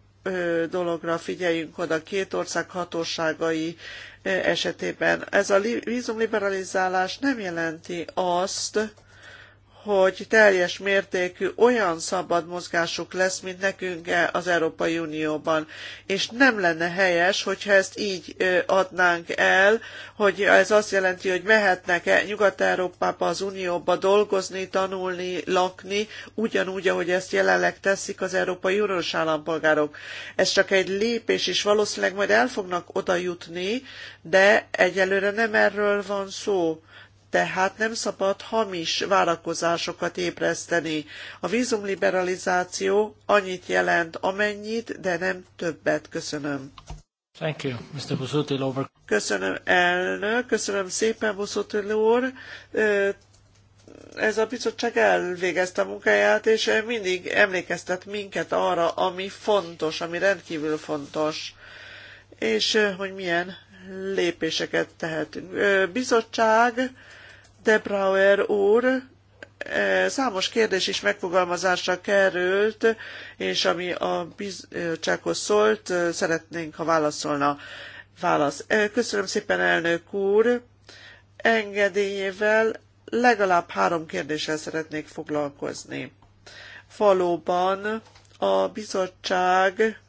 dologra figyeljünk oda, két ország hatóságai esetében. Ez a vízumliberalizálás nem jelenti azt, hogy teljes mértékű olyan szabad mozgásuk lesz, mint nekünk e az Európai Unióban. És nem lenne helyes, hogyha ezt így adnánk el, hogy ez azt jelenti, hogy mehetnek -e Nyugat-Európába, az Unióba dolgozni, tanulni, lakni, ugyanúgy, ahogy ezt jelenleg teszik az Európai Uniós állampolgárok. Ez csak egy lépés, és valószínűleg majd el fognak oda jutni, de egyelőre nem erről van szó tehát nem szabad hamis várakozásokat ébreszteni. A vízumliberalizáció annyit jelent, amennyit, de nem többet. Köszönöm.
Thank you, Mr.
Köszönöm, elnök. Köszönöm szépen, Busutil ez a bizottság elvégezte a munkáját, és mindig emlékeztet minket arra, ami fontos, ami rendkívül fontos, és hogy milyen lépéseket tehetünk. Bizottság Debrauer úr e, számos kérdés is megfogalmazásra került, és ami a bizottsághoz szólt, e, szeretnénk, ha válaszolna. Válasz. E, köszönöm szépen, elnök úr. Engedélyével legalább három kérdéssel szeretnék foglalkozni. Valóban a bizottság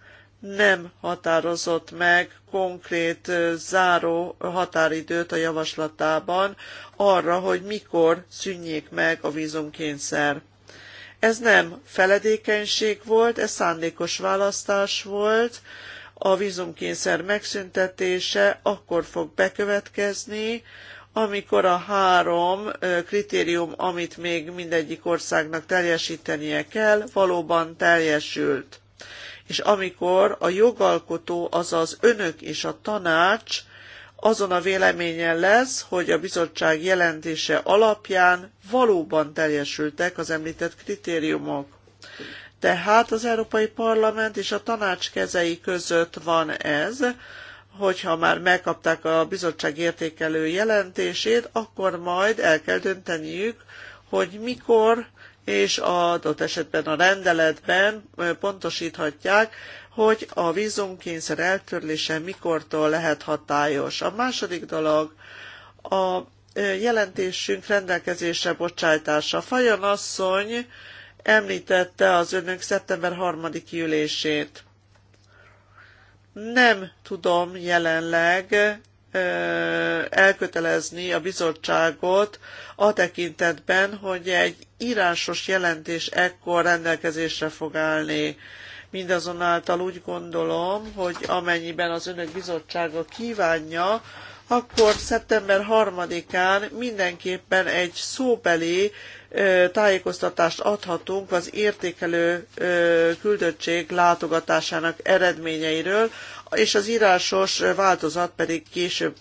nem határozott meg konkrét záró határidőt a javaslatában arra, hogy mikor szűnjék meg a vízumkényszer. Ez nem feledékenység volt, ez szándékos választás volt. A vízumkényszer megszüntetése akkor fog bekövetkezni, amikor a három kritérium, amit még mindegyik országnak teljesítenie kell, valóban teljesült és amikor a jogalkotó, azaz önök és a tanács azon a véleményen lesz, hogy a bizottság jelentése alapján valóban teljesültek az említett kritériumok. Tehát az Európai Parlament és a tanács kezei között van ez, hogyha már megkapták a bizottság értékelő jelentését, akkor majd el kell dönteniük, hogy mikor és adott esetben a rendeletben pontosíthatják, hogy a vízumkényszer eltörlése mikortól lehet hatályos. A második dolog a jelentésünk rendelkezésre bocsájtása. Fajon asszony említette az önök szeptember 3. ülését. Nem tudom jelenleg elkötelezni a bizottságot a tekintetben, hogy egy írásos jelentés ekkor rendelkezésre fog állni. Mindazonáltal úgy gondolom, hogy amennyiben az önök bizottsága kívánja, akkor szeptember 3-án mindenképpen egy szóbeli tájékoztatást adhatunk az értékelő küldöttség látogatásának eredményeiről, és az írásos változat pedig később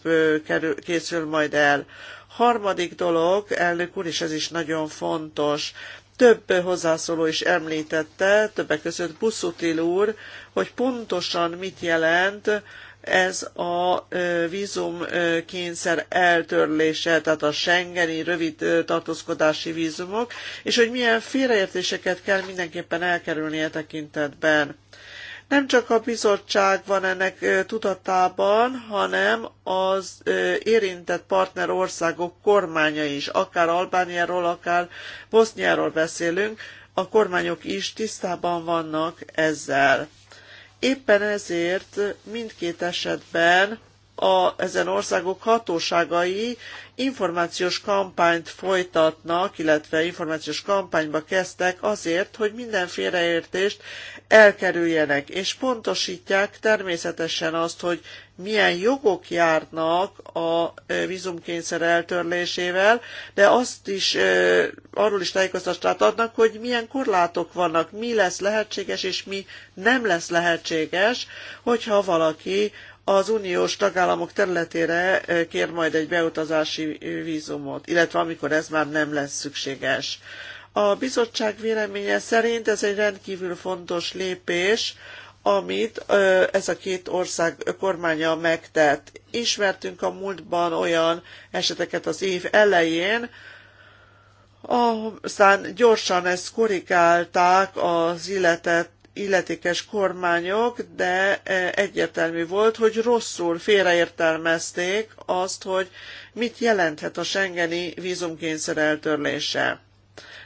kerül, készül majd el. Harmadik dolog, elnök úr, és ez is nagyon fontos, több hozzászóló is említette, többek között Buszutil úr, hogy pontosan mit jelent ez a vízumkényszer eltörlése, tehát a Schengeni rövid tartózkodási vízumok, és hogy milyen félreértéseket kell mindenképpen elkerülni a e tekintetben. Nem csak a bizottság van ennek tudatában, hanem az érintett partner országok kormánya is, akár Albániáról, akár Boszniáról beszélünk, a kormányok is tisztában vannak ezzel. Éppen ezért mindkét esetben a, ezen országok hatóságai információs kampányt folytatnak, illetve információs kampányba kezdtek azért, hogy minden félreértést elkerüljenek, és pontosítják természetesen azt, hogy milyen jogok járnak a vízumkényszer eltörlésével, de azt is, arról is tájékoztatást adnak, hogy milyen korlátok vannak, mi lesz lehetséges és mi nem lesz lehetséges, hogyha valaki az uniós tagállamok területére kér majd egy beutazási vízumot, illetve amikor ez már nem lesz szükséges. A bizottság véleménye szerint ez egy rendkívül fontos lépés, amit ez a két ország kormánya megtett. Ismertünk a múltban olyan eseteket az év elején, aztán gyorsan ezt korrigálták az illetett illetékes kormányok, de e, egyértelmű volt, hogy rosszul félreértelmezték azt, hogy mit jelenthet a Schengeni vízumkényszer eltörlése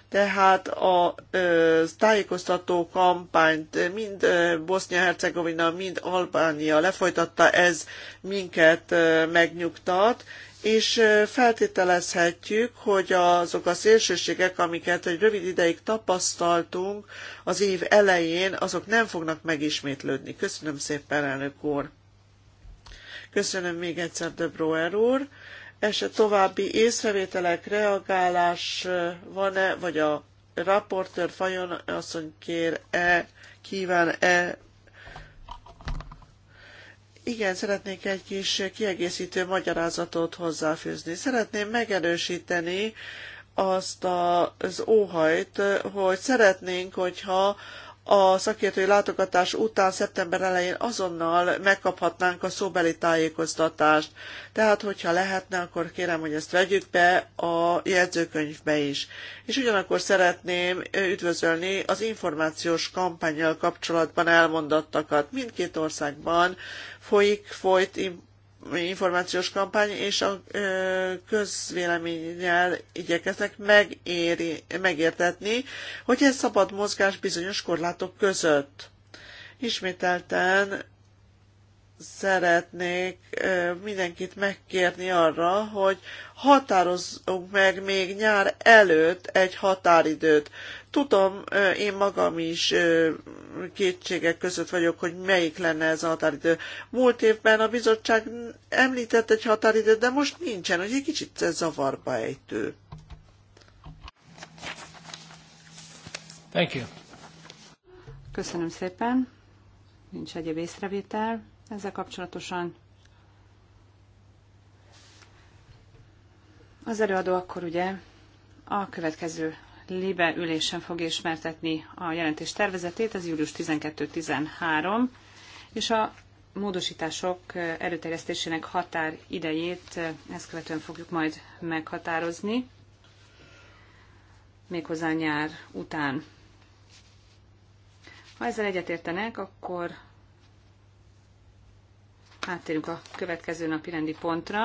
tehát a ö, tájékoztató kampányt mind Bosznia-Hercegovina, mind Albánia lefolytatta, ez minket ö, megnyugtat, és feltételezhetjük, hogy azok a szélsőségek, amiket egy rövid ideig tapasztaltunk az év elején, azok nem fognak megismétlődni. Köszönöm szépen, elnök úr! Köszönöm még egyszer, De Broer úr! És a további észrevételek, reagálás van-e, vagy a raportőr fajon asszony kér-e, kíván-e igen, szeretnék egy kis kiegészítő magyarázatot hozzáfűzni. Szeretném megerősíteni azt az óhajt, hogy szeretnénk, hogyha a szakértői látogatás után szeptember elején azonnal megkaphatnánk a szóbeli tájékoztatást. Tehát, hogyha lehetne, akkor kérem, hogy ezt vegyük be a jegyzőkönyvbe is. És ugyanakkor szeretném üdvözölni az információs kampányjal kapcsolatban elmondattakat. Mindkét országban folyik, folyt információs kampány, és a közvéleménnyel igyekeznek megéri, megértetni, hogy ez szabad mozgás bizonyos korlátok között. Ismételten szeretnék mindenkit megkérni arra, hogy határozzunk meg még nyár előtt egy határidőt. Tudom, én magam is kétségek között vagyok, hogy melyik lenne ez a határidő. Múlt évben a bizottság említett egy határidőt, de most nincsen, hogy egy kicsit zavarba ejtő. Thank you. Köszönöm szépen.
Nincs egyéb észrevétel ezzel kapcsolatosan. Az előadó akkor ugye a következő Libe ülésen fog ismertetni a jelentés tervezetét, ez július 12-13, és a módosítások előterjesztésének határidejét eh, ezt követően fogjuk majd meghatározni, méghozzá nyár után. Ha ezzel egyetértenek, akkor áttérünk a következő napi rendi pontra,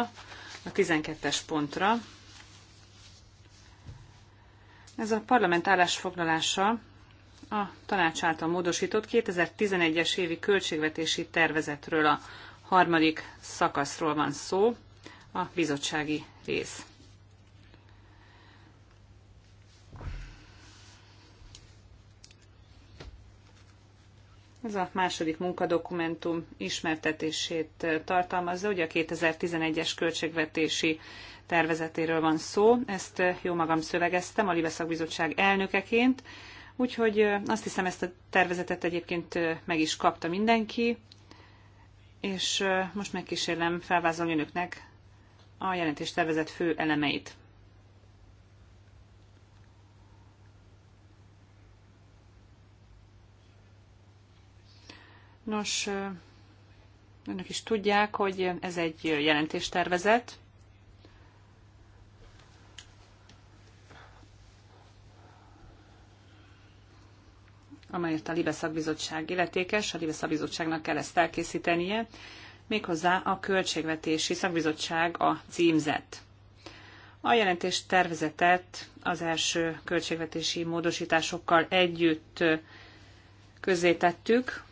a 12-es pontra, ez a parlament állásfoglalása a tanács által módosított 2011-es évi költségvetési tervezetről a harmadik szakaszról van szó, a bizottsági rész. Ez a második munkadokumentum ismertetését tartalmazza, ugye a 2011-es költségvetési tervezetéről van szó. Ezt eh, jó magam szövegeztem a Szakbizottság elnökeként, úgyhogy eh, azt hiszem ezt a tervezetet egyébként eh, meg is kapta mindenki, és most megkísérlem felvázolni önöknek a jelentés tervezet fő elemeit. Nos, önök is tudják, hogy ez egy jelentéstervezet, amelyet a Libe szakbizottság illetékes, a Libe szakbizottságnak kell ezt elkészítenie, méghozzá a Költségvetési Szakbizottság a címzet. A jelentés tervezetet az első költségvetési módosításokkal együtt közzétettük.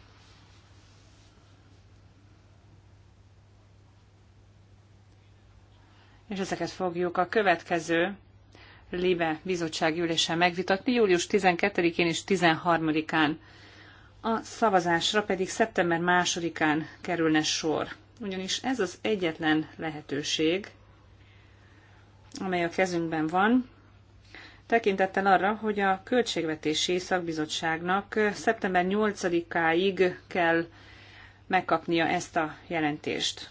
És ezeket fogjuk a következő Libe bizottság megvitatni július 12-én és 13-án. A szavazásra pedig szeptember 2-án kerülne sor, ugyanis ez az egyetlen lehetőség, amely a kezünkben van, tekintettel arra, hogy a Költségvetési Szakbizottságnak szeptember 8-áig kell megkapnia ezt a jelentést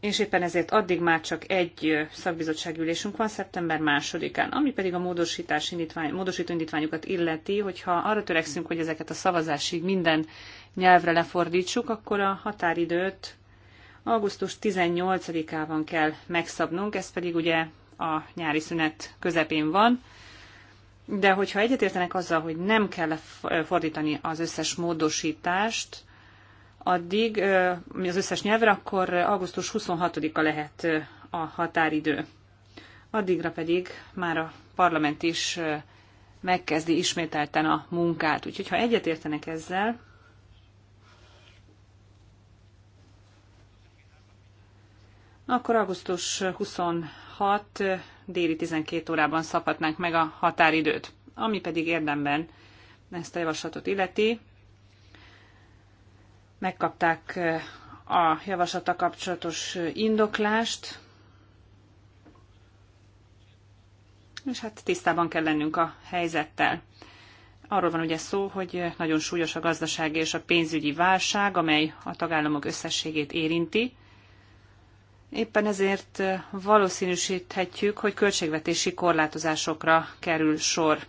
és éppen ezért addig már csak egy szakbizottságülésünk van szeptember másodikán, ami pedig a módosítás indítvány, módosító indítványokat illeti, hogyha arra törekszünk, hogy ezeket a szavazásig minden nyelvre lefordítsuk, akkor a határidőt augusztus 18-ában kell megszabnunk, ez pedig ugye a nyári szünet közepén van, de hogyha egyetértenek azzal, hogy nem kell fordítani az összes módosítást, addig, mi az összes nyelvre, akkor augusztus 26-a lehet a határidő. Addigra pedig már a parlament is megkezdi ismételten a munkát. Úgyhogy ha egyetértenek ezzel, akkor augusztus 26 déli 12 órában szabhatnánk meg a határidőt. Ami pedig érdemben ezt a javaslatot illeti, megkapták a javaslata kapcsolatos indoklást, és hát tisztában kell lennünk a helyzettel. Arról van ugye szó, hogy nagyon súlyos a gazdasági és a pénzügyi válság, amely a tagállamok összességét érinti. Éppen ezért valószínűsíthetjük, hogy költségvetési korlátozásokra kerül sor.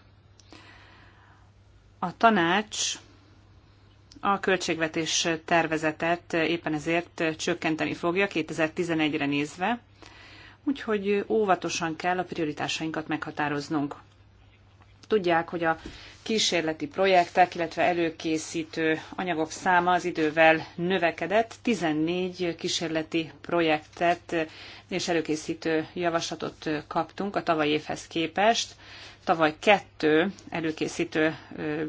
A tanács a költségvetés tervezetet éppen ezért csökkenteni fogja 2011-re nézve, úgyhogy óvatosan kell a prioritásainkat meghatároznunk tudják, hogy a kísérleti projektek, illetve előkészítő anyagok száma az idővel növekedett. 14 kísérleti projektet és előkészítő javaslatot kaptunk a tavalyi évhez képest. Tavaly kettő előkészítő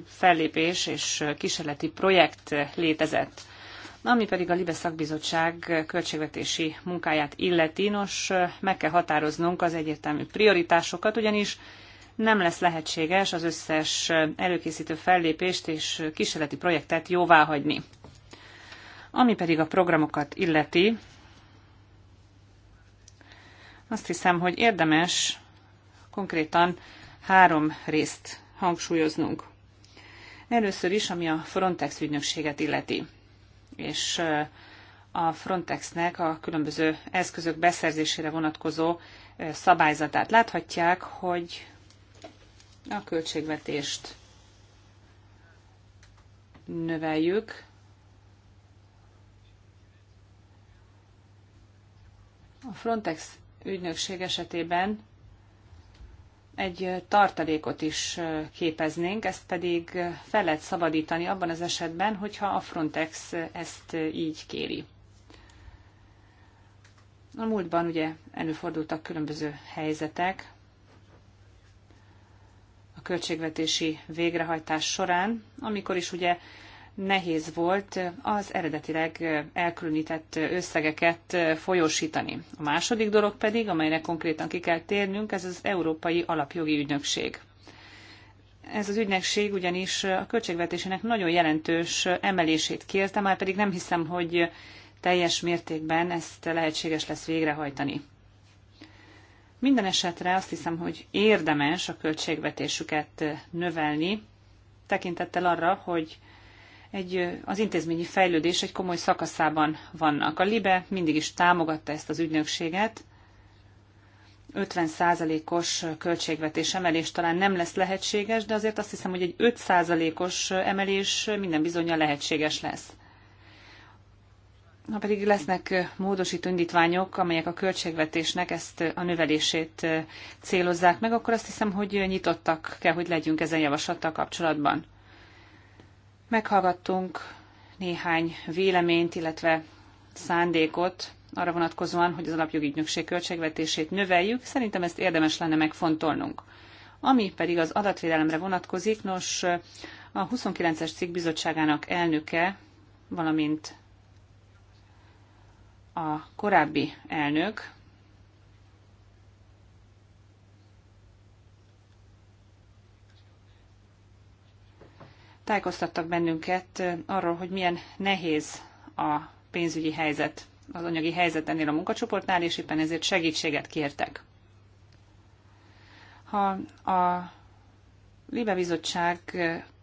fellépés és kísérleti projekt létezett. Ami pedig a Libe szakbizottság költségvetési munkáját illeti, nos, meg kell határoznunk az egyértelmű prioritásokat, ugyanis nem lesz lehetséges az összes előkészítő fellépést és kísérleti projektet jóváhagyni. Ami pedig a programokat illeti, azt hiszem, hogy érdemes konkrétan három részt hangsúlyoznunk. Először is, ami a Frontex ügynökséget illeti, és a Frontexnek a különböző eszközök beszerzésére vonatkozó szabályzatát. Láthatják, hogy a költségvetést növeljük. A Frontex ügynökség esetében egy tartalékot is képeznénk, ezt pedig fel lehet szabadítani abban az esetben, hogyha a Frontex ezt így kéri. A múltban ugye előfordultak különböző helyzetek, a költségvetési végrehajtás során, amikor is ugye nehéz volt az eredetileg elkülönített összegeket folyósítani. A második dolog pedig, amelyre konkrétan ki kell térnünk, ez az Európai Alapjogi Ügynökség. Ez az ügynökség ugyanis a költségvetésének nagyon jelentős emelését kérte, már pedig nem hiszem, hogy teljes mértékben ezt lehetséges lesz végrehajtani. Minden esetre azt hiszem, hogy érdemes a költségvetésüket növelni, tekintettel arra, hogy egy, az intézményi fejlődés egy komoly szakaszában vannak. A LIBE mindig is támogatta ezt az ügynökséget, 50%-os költségvetés emelés talán nem lesz lehetséges, de azért azt hiszem, hogy egy 5%-os emelés minden bizonyal lehetséges lesz. Na pedig lesznek módosító indítványok, amelyek a költségvetésnek ezt a növelését célozzák meg, akkor azt hiszem, hogy nyitottak kell, hogy legyünk ezen javaslattal kapcsolatban. Meghallgattunk néhány véleményt, illetve szándékot arra vonatkozóan, hogy az alapjogi ügynökség költségvetését növeljük, szerintem ezt érdemes lenne megfontolnunk. Ami pedig az adatvédelemre vonatkozik, nos, a 29-es cikk bizottságának elnöke, valamint a korábbi elnök tájékoztattak bennünket arról, hogy milyen nehéz a pénzügyi helyzet, az anyagi helyzet ennél a munkacsoportnál, és éppen ezért segítséget kértek. Ha a Libe Bizottság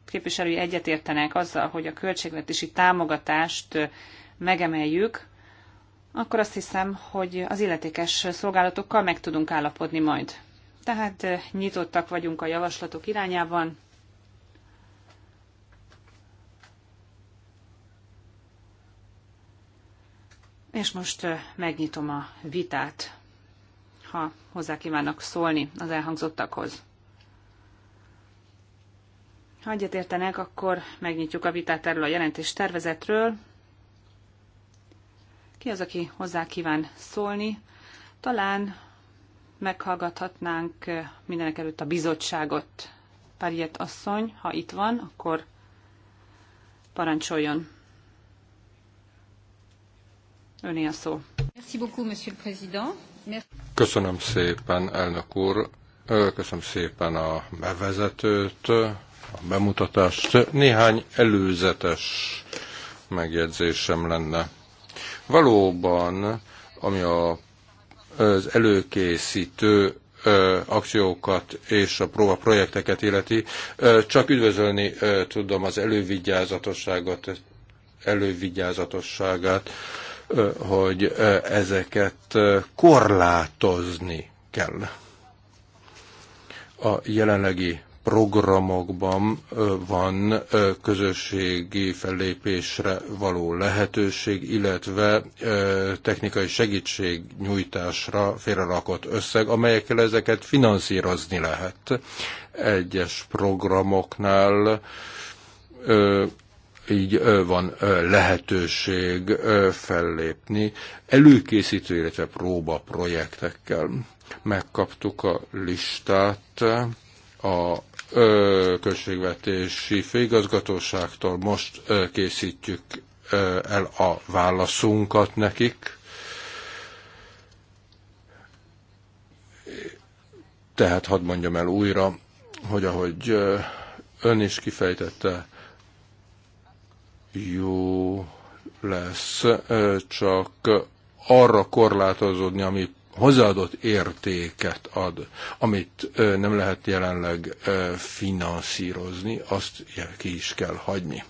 képviselői egyetértenek azzal, hogy a költségvetési támogatást megemeljük, akkor azt hiszem, hogy az illetékes szolgálatokkal meg tudunk állapodni majd. Tehát eh, nyitottak vagyunk a javaslatok irányában. És most eh, megnyitom a vitát, ha hozzá kívánnak szólni az elhangzottakhoz. Ha egyetértenek, akkor megnyitjuk a vitát erről a jelentés tervezetről. Ki az, aki hozzá kíván szólni? Talán meghallgathatnánk eh, mindenek előtt a bizottságot. Pariet asszony, ha itt van, akkor parancsoljon. Öné a szó.
Köszönöm szépen, elnök úr. Köszönöm szépen a bevezetőt, a bemutatást. Néhány előzetes megjegyzésem lenne. Valóban, ami a, az előkészítő akciókat és a próba projekteket illeti, csak üdvözölni tudom az elővigyázatosságot, elővigyázatosságát, hogy ezeket korlátozni kell. A jelenlegi programokban van közösségi fellépésre való lehetőség, illetve technikai segítség nyújtásra félrelakott összeg, amelyekkel ezeket finanszírozni lehet. Egyes programoknál így van lehetőség fellépni előkészítő, illetve próba projektekkel. Megkaptuk a listát a költségvetési főigazgatóságtól most készítjük el a válaszunkat nekik. Tehát hadd mondjam el újra, hogy ahogy ön is kifejtette, jó lesz, csak arra korlátozódni, ami hozzáadott értéket ad, amit nem lehet jelenleg finanszírozni, azt ki is kell hagyni.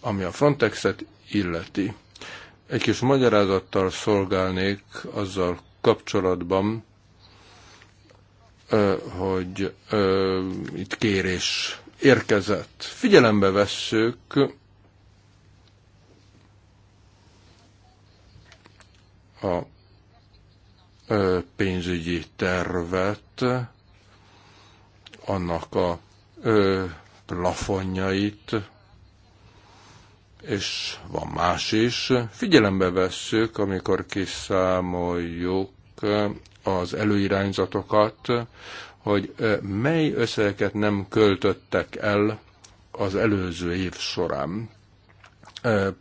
Ami a Frontexet illeti, egy kis magyarázattal szolgálnék azzal kapcsolatban, hogy itt kérés érkezett. Figyelembe vesszük, a pénzügyi tervet, annak a plafonjait, és van más is. Figyelembe vesszük, amikor kiszámoljuk az előirányzatokat, hogy mely összegeket nem költöttek el az előző év során.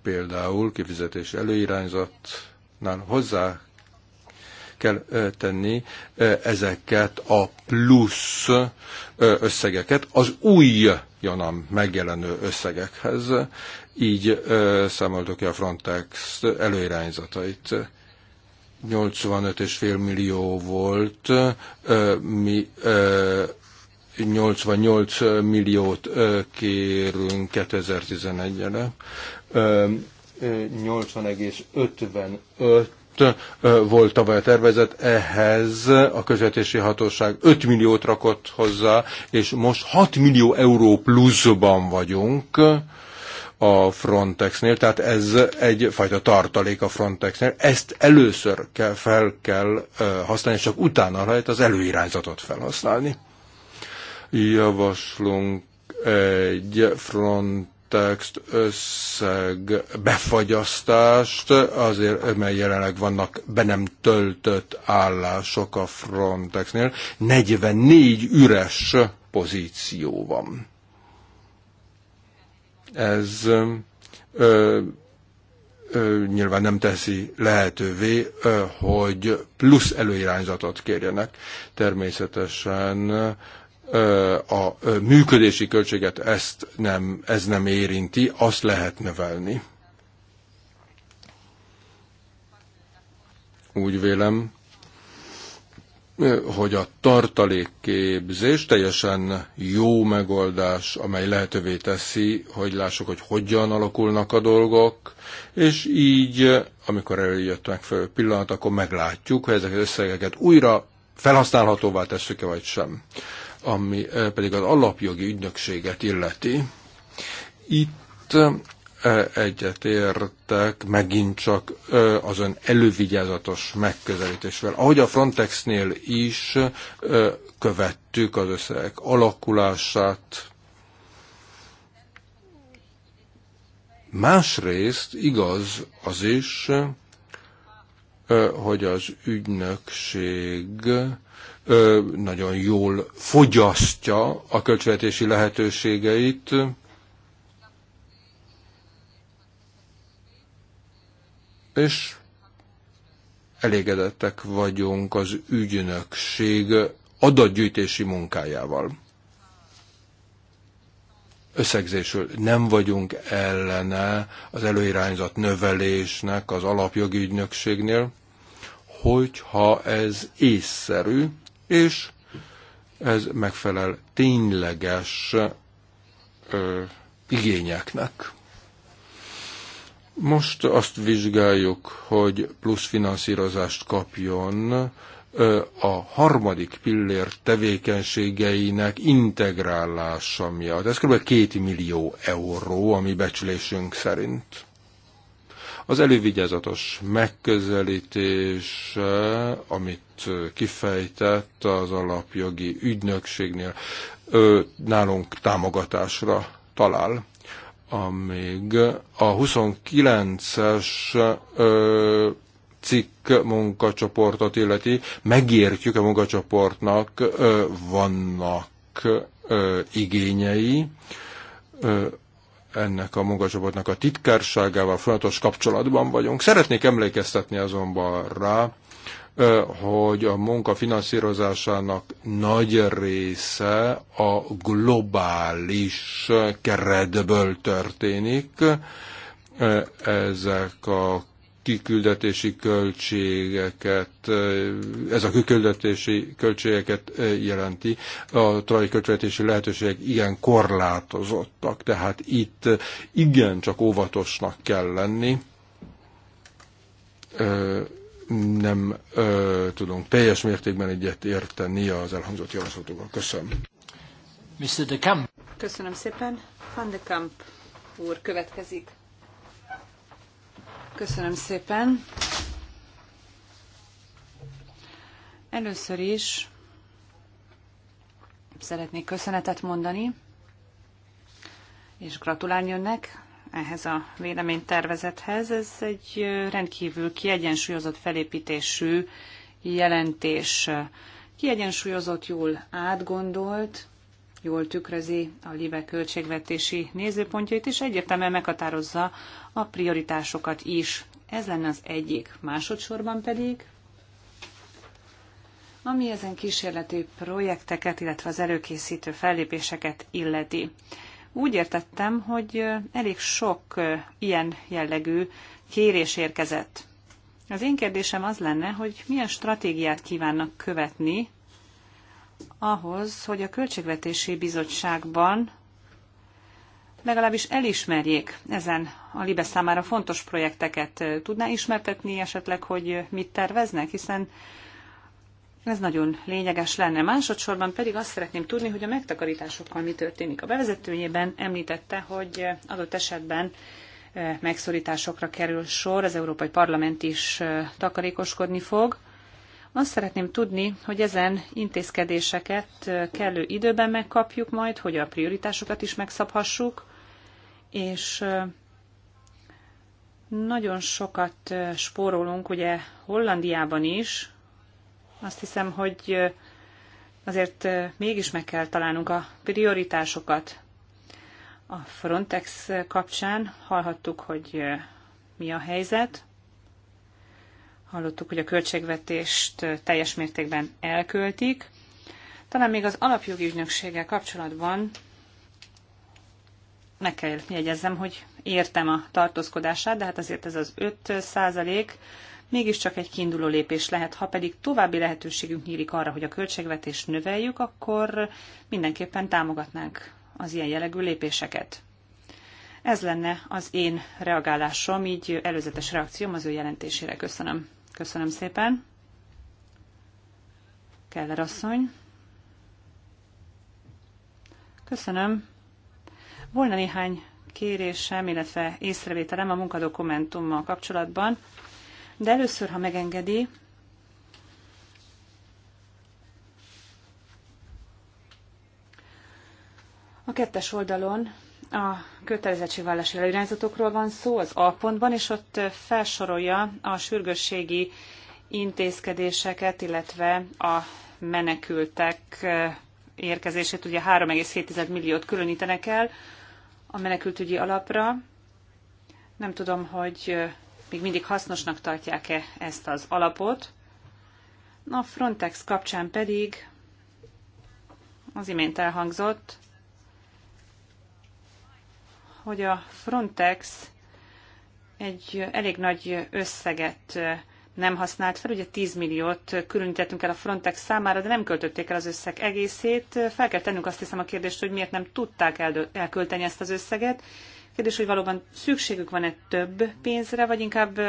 Például kifizetés előirányzatnál hozzá kell tenni ezeket a plusz összegeket az új janam megjelenő összegekhez. Így számoltuk ki a Frontex előirányzatait. 85,5 millió volt, mi 88 milliót kérünk 2011-re. 80,55 volt tavaly a tervezet, ehhez a közvetési hatóság 5 milliót rakott hozzá, és most 6 millió euró pluszban vagyunk a Frontexnél, tehát ez egyfajta tartalék a Frontexnél. Ezt először kell, fel kell használni, és csak utána lehet az előirányzatot felhasználni. Javaslunk egy front kontext, összeg, befagyasztást, azért, mert jelenleg vannak be nem töltött állások a Frontexnél, 44 üres pozíció van. Ez ö, ö, nyilván nem teszi lehetővé, ö, hogy plusz előirányzatot kérjenek. Természetesen a működési költséget ezt nem, ez nem érinti, azt lehet növelni. Úgy vélem, hogy a tartalékképzés teljesen jó megoldás, amely lehetővé teszi, hogy lássuk, hogy hogyan alakulnak a dolgok, és így, amikor előjött megfelelő pillanat, akkor meglátjuk, hogy ezeket az összegeket újra felhasználhatóvá tesszük-e vagy sem ami eh, pedig az alapjogi ügynökséget illeti. Itt eh, egyetértek megint csak eh, az ön elővigyázatos megközelítésvel. Ahogy a Frontexnél is követtük az összegek alakulását, Másrészt igaz az is, hogy az ügynökség nagyon jól fogyasztja a költségvetési lehetőségeit, és elégedettek vagyunk az ügynökség adatgyűjtési munkájával. Összegzésül nem vagyunk ellene az előirányzat növelésnek az alapjogi ügynökségnél, hogyha ez észszerű, és ez megfelel tényleges ö, igényeknek. Most azt vizsgáljuk, hogy plusz finanszírozást kapjon a harmadik pillér tevékenységeinek integrálása miatt. Ez kb. 2 millió euró, ami becslésünk szerint. Az elővigyázatos megközelítés, amit kifejtett az alapjogi ügynökségnél, nálunk támogatásra talál amíg a 29-es cikk munkacsoportot illeti, megértjük a munkacsoportnak, ö, vannak ö, igényei, ö, ennek a munkacsoportnak a titkárságával folyamatos kapcsolatban vagyunk. Szeretnék emlékeztetni azonban rá, hogy a munka finanszírozásának nagy része a globális keretből történik. Ezek a kiküldetési költségeket, ez a kiküldetési költségeket jelenti. A trai költségvetési lehetőségek igen korlátozottak, tehát itt igen csak óvatosnak kell lenni. Nem tudunk teljes mértékben egyet érteni az elhangzott javaslatokkal. Köszönöm. Mr. De Camp.
Köszönöm szépen. Van de Camp úr következik. Köszönöm szépen. Először is szeretnék köszönetet mondani, és gratulálni önnek ehhez a véleménytervezethez. Ez egy rendkívül kiegyensúlyozott felépítésű jelentés. Kiegyensúlyozott, jól átgondolt, jól tükrözi a LIBE költségvetési nézőpontjait, és egyértelműen meghatározza a prioritásokat is. Ez lenne az egyik. Másodszorban pedig ami ezen kísérleti projekteket, illetve az előkészítő fellépéseket illeti. Úgy értettem, hogy elég sok ilyen jellegű kérés érkezett. Az én kérdésem az lenne, hogy milyen stratégiát kívánnak követni ahhoz, hogy a Költségvetési Bizottságban legalábbis elismerjék ezen a Libe számára fontos projekteket. Tudná ismertetni esetleg, hogy mit terveznek, hiszen ez nagyon lényeges lenne. Másodszorban pedig azt szeretném tudni, hogy a megtakarításokkal mi történik. A bevezetőjében említette, hogy adott esetben eh, megszorításokra kerül sor, az Európai Parlament is eh, takarékoskodni fog. Azt szeretném tudni, hogy ezen intézkedéseket kellő időben megkapjuk majd, hogy a prioritásokat is megszabhassuk, és nagyon sokat spórolunk, ugye Hollandiában is. Azt hiszem, hogy azért mégis meg kell találnunk a prioritásokat. A Frontex kapcsán hallhattuk, hogy mi a helyzet. Hallottuk, hogy a költségvetést teljes mértékben elköltik. Talán még az alapjogi ügynökséggel kapcsolatban meg kell jegyezzem, hogy értem a tartózkodását, de hát azért ez az 5 százalék mégiscsak egy kiinduló lépés lehet. Ha pedig további lehetőségünk nyílik arra, hogy a költségvetést növeljük, akkor mindenképpen támogatnánk az ilyen jellegű lépéseket. Ez lenne az én reagálásom, így előzetes reakcióm az ő jelentésére. Köszönöm. Köszönöm szépen. Keller asszony. Köszönöm. Volna néhány kérésem, illetve észrevételem a munkadokumentummal kapcsolatban, de először, ha megengedi, a kettes oldalon a kötelezettségvállási előirányzatokról van szó az A pontban, és ott felsorolja a sürgősségi intézkedéseket, illetve a menekültek eh, érkezését, ugye 3,7 milliót különítenek el a menekültügyi alapra. Nem tudom, hogy eh, még mindig hasznosnak tartják-e ezt az alapot. A Frontex kapcsán pedig az imént elhangzott, hogy a Frontex egy elég nagy összeget nem használt fel, ugye 10 milliót különítettünk el a Frontex számára, de nem költötték el az összeg egészét. Fel kell tennünk azt hiszem a kérdést, hogy miért nem tudták elkölteni ezt az összeget, Kérdés, hogy valóban szükségük van-e több pénzre, vagy inkább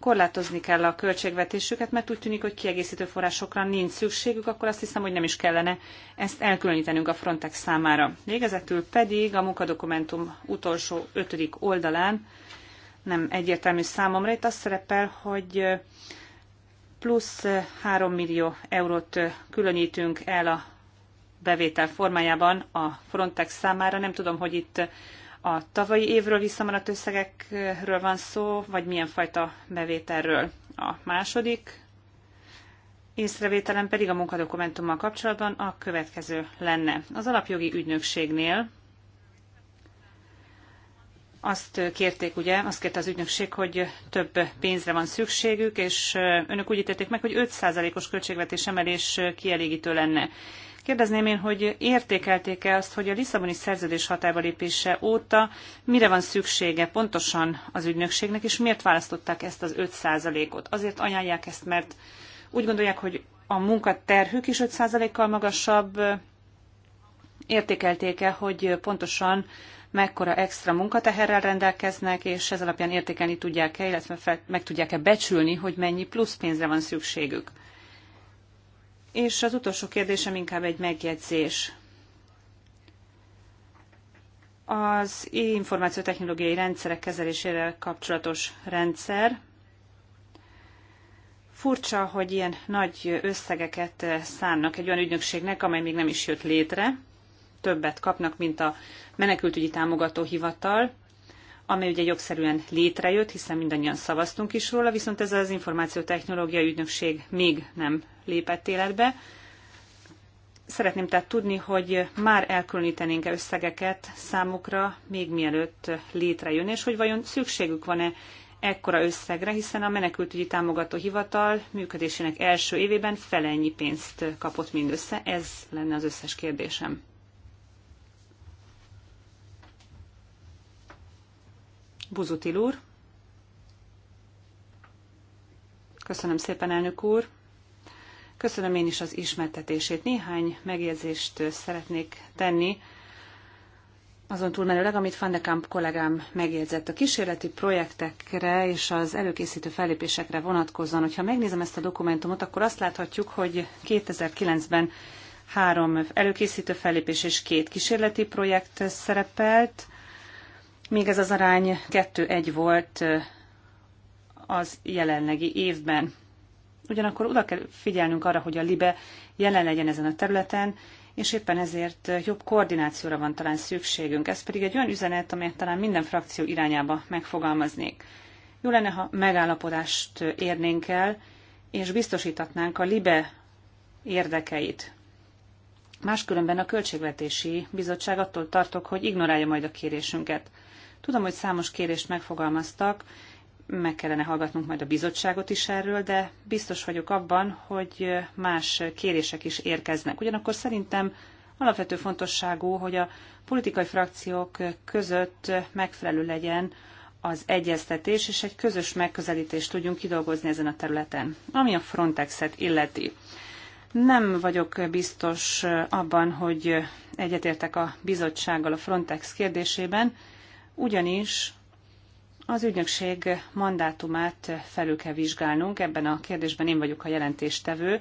korlátozni kell a költségvetésüket, mert úgy tűnik, hogy kiegészítő forrásokra nincs szükségük, akkor azt hiszem, hogy nem is kellene ezt elkülönítenünk a Frontex számára. Végezetül pedig a munkadokumentum utolsó ötödik oldalán nem egyértelmű számomra. Itt az szerepel, hogy plusz 3 millió eurót különítünk el a bevétel formájában a Frontex számára. Nem tudom, hogy itt a tavalyi évről visszamaradt összegekről van szó, vagy milyen fajta bevételről. A második észrevételem pedig a munkadokumentummal kapcsolatban a következő lenne. Az alapjogi ügynökségnél azt kérték, ugye, azt kérte az ügynökség, hogy több pénzre van szükségük, és önök úgy ítélték meg, hogy 5%-os költségvetés emelés kielégítő lenne. Kérdezném én, hogy értékelték-e azt, hogy a Lisszaboni szerződés hatába lépése óta mire van szüksége pontosan az ügynökségnek, és miért választották ezt az 5%-ot? Azért ajánlják ezt, mert úgy gondolják, hogy a munkaterhük is 5%-kal magasabb. Értékelték-e, hogy pontosan mekkora extra munkateherrel rendelkeznek, és ez alapján értékelni tudják-e, illetve meg tudják-e becsülni, hogy mennyi plusz pénzre van szükségük? És az utolsó kérdésem inkább egy megjegyzés. Az információtechnológiai rendszerek kezelésére kapcsolatos rendszer. Furcsa, hogy ilyen nagy összegeket szánnak egy olyan ügynökségnek, amely még nem is jött létre. Többet kapnak, mint a menekültügyi támogató hivatal, amely ugye jogszerűen létrejött, hiszen mindannyian szavaztunk is róla, viszont ez az információtechnológiai ügynökség még nem lépett életbe. Szeretném tehát tudni, hogy már elkülönítenénk-e összegeket számukra, még mielőtt létrejön, és hogy vajon szükségük van-e ekkora összegre, hiszen a menekültügyi támogató hivatal működésének első évében fele ennyi pénzt kapott mindössze. Ez lenne az összes kérdésem. Buzutil úr. Köszönöm szépen, elnök úr. Köszönöm én is az ismertetését. Néhány megjegyzést szeretnék tenni, azon túlmenőleg, amit Van de Kamp kollégám megjegyzett. A kísérleti projektekre és az előkészítő fellépésekre vonatkozóan, hogyha megnézem ezt a dokumentumot, akkor azt láthatjuk, hogy 2009-ben három előkészítő fellépés és két kísérleti projekt szerepelt, még ez az arány 2-1 volt az jelenlegi évben. Ugyanakkor oda kell figyelnünk arra, hogy a LIBE jelen legyen ezen a területen, és éppen ezért jobb koordinációra van talán szükségünk. Ez pedig egy olyan üzenet, amelyet talán minden frakció irányába megfogalmaznék. Jó lenne, ha megállapodást érnénk el, és biztosítatnánk a LIBE érdekeit. Máskülönben a Költségvetési Bizottság attól tartok, hogy ignorálja majd a kérésünket. Tudom, hogy számos kérést megfogalmaztak, meg kellene hallgatnunk majd a bizottságot is erről, de biztos vagyok abban, hogy más kérések is érkeznek. Ugyanakkor szerintem alapvető fontosságú, hogy a politikai frakciók között megfelelő legyen az egyeztetés, és egy közös megközelítést tudjunk kidolgozni ezen a területen, ami a Frontexet illeti. Nem vagyok biztos abban, hogy egyetértek a bizottsággal a Frontex kérdésében, ugyanis az ügynökség mandátumát felül kell vizsgálnunk, ebben a kérdésben én vagyok a jelentéstevő,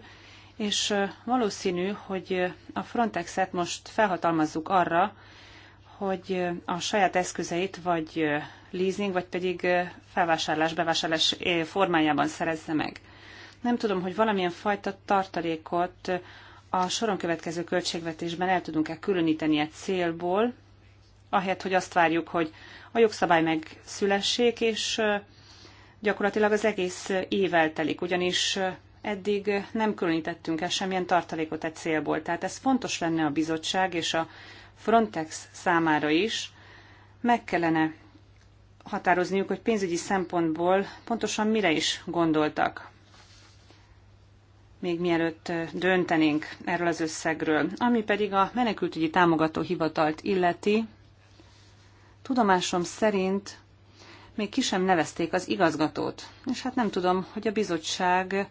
és valószínű, hogy a Frontexet most felhatalmazzuk arra, hogy a saját eszközeit vagy leasing, vagy pedig felvásárlás, bevásárlás formájában szerezze meg. Nem tudom, hogy valamilyen fajta tartalékot a soron következő költségvetésben el tudunk-e különíteni egy célból, ahelyett, hogy azt várjuk, hogy a jogszabály megszülessék, és gyakorlatilag az egész év eltelik, ugyanis eddig nem különítettünk el semmilyen tartalékot egy célból. Tehát ez fontos lenne a bizottság és a Frontex számára is. Meg kellene határozniuk, hogy pénzügyi szempontból pontosan mire is gondoltak még mielőtt döntenénk erről az összegről. Ami pedig a menekültügyi támogató hivatalt illeti, Tudomásom szerint még ki sem nevezték az igazgatót, és hát nem tudom, hogy a bizottság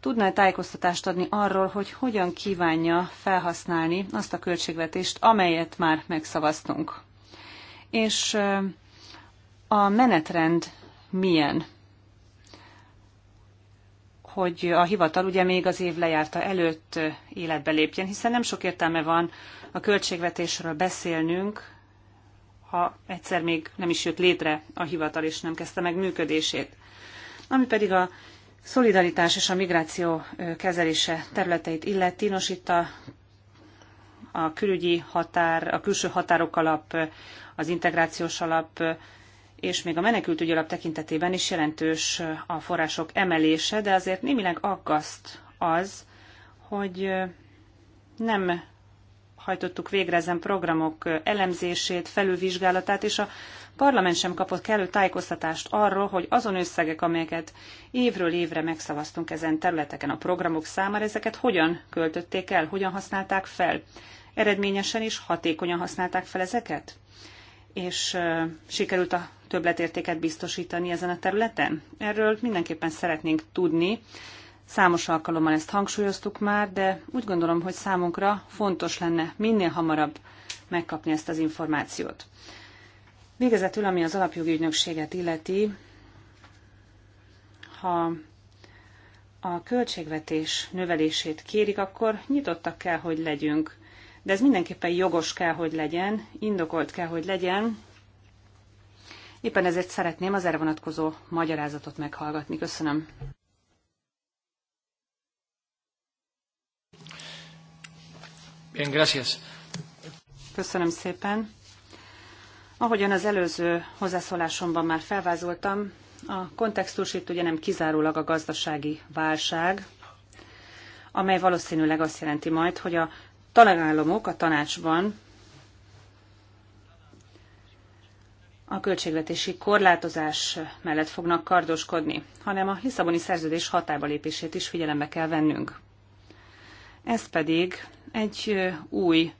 tudna-e tájékoztatást adni arról, hogy hogyan kívánja felhasználni azt a költségvetést, amelyet már megszavaztunk. És a menetrend milyen? hogy a hivatal ugye még az év lejárta előtt életbe lépjen, hiszen nem sok értelme van a költségvetésről beszélnünk, ha egyszer még nem is jött létre a hivatal, és nem kezdte meg működését. Ami pedig a szolidaritás és a migráció kezelése területeit illeti, nos itt a, a külügyi határ, a külső határok alap, az integrációs alap, és még a menekültügyi alap tekintetében is jelentős a források emelése, de azért némileg aggaszt az, hogy nem hajtottuk végre ezen programok elemzését, felülvizsgálatát, és a parlament sem kapott kellő tájékoztatást arról, hogy azon összegek, amelyeket évről évre megszavaztunk ezen területeken a programok számára, ezeket hogyan költötték el, hogyan használták fel. Eredményesen és hatékonyan használták fel ezeket? És sikerült a többletértéket biztosítani ezen a területen? Erről mindenképpen szeretnénk tudni, Számos alkalommal ezt hangsúlyoztuk már, de úgy gondolom, hogy számunkra fontos lenne minél hamarabb megkapni ezt az információt. Végezetül, ami az alapjogi ügynökséget illeti, ha a költségvetés növelését kérik, akkor nyitottak kell, hogy legyünk. De ez mindenképpen jogos kell, hogy legyen, indokolt kell, hogy legyen. Éppen ezért szeretném az erre vonatkozó magyarázatot meghallgatni. Köszönöm. Bien, gracias. Köszönöm szépen. Ahogyan az előző hozzászólásomban már felvázoltam, a kontextus itt ugye nem kizárólag a gazdasági válság, amely valószínűleg azt jelenti majd, hogy a tagállamok a tanácsban a költségvetési korlátozás mellett fognak kardoskodni, hanem a Lisszaboni szerződés hatába lépését is figyelembe kell vennünk. Ez pedig egy új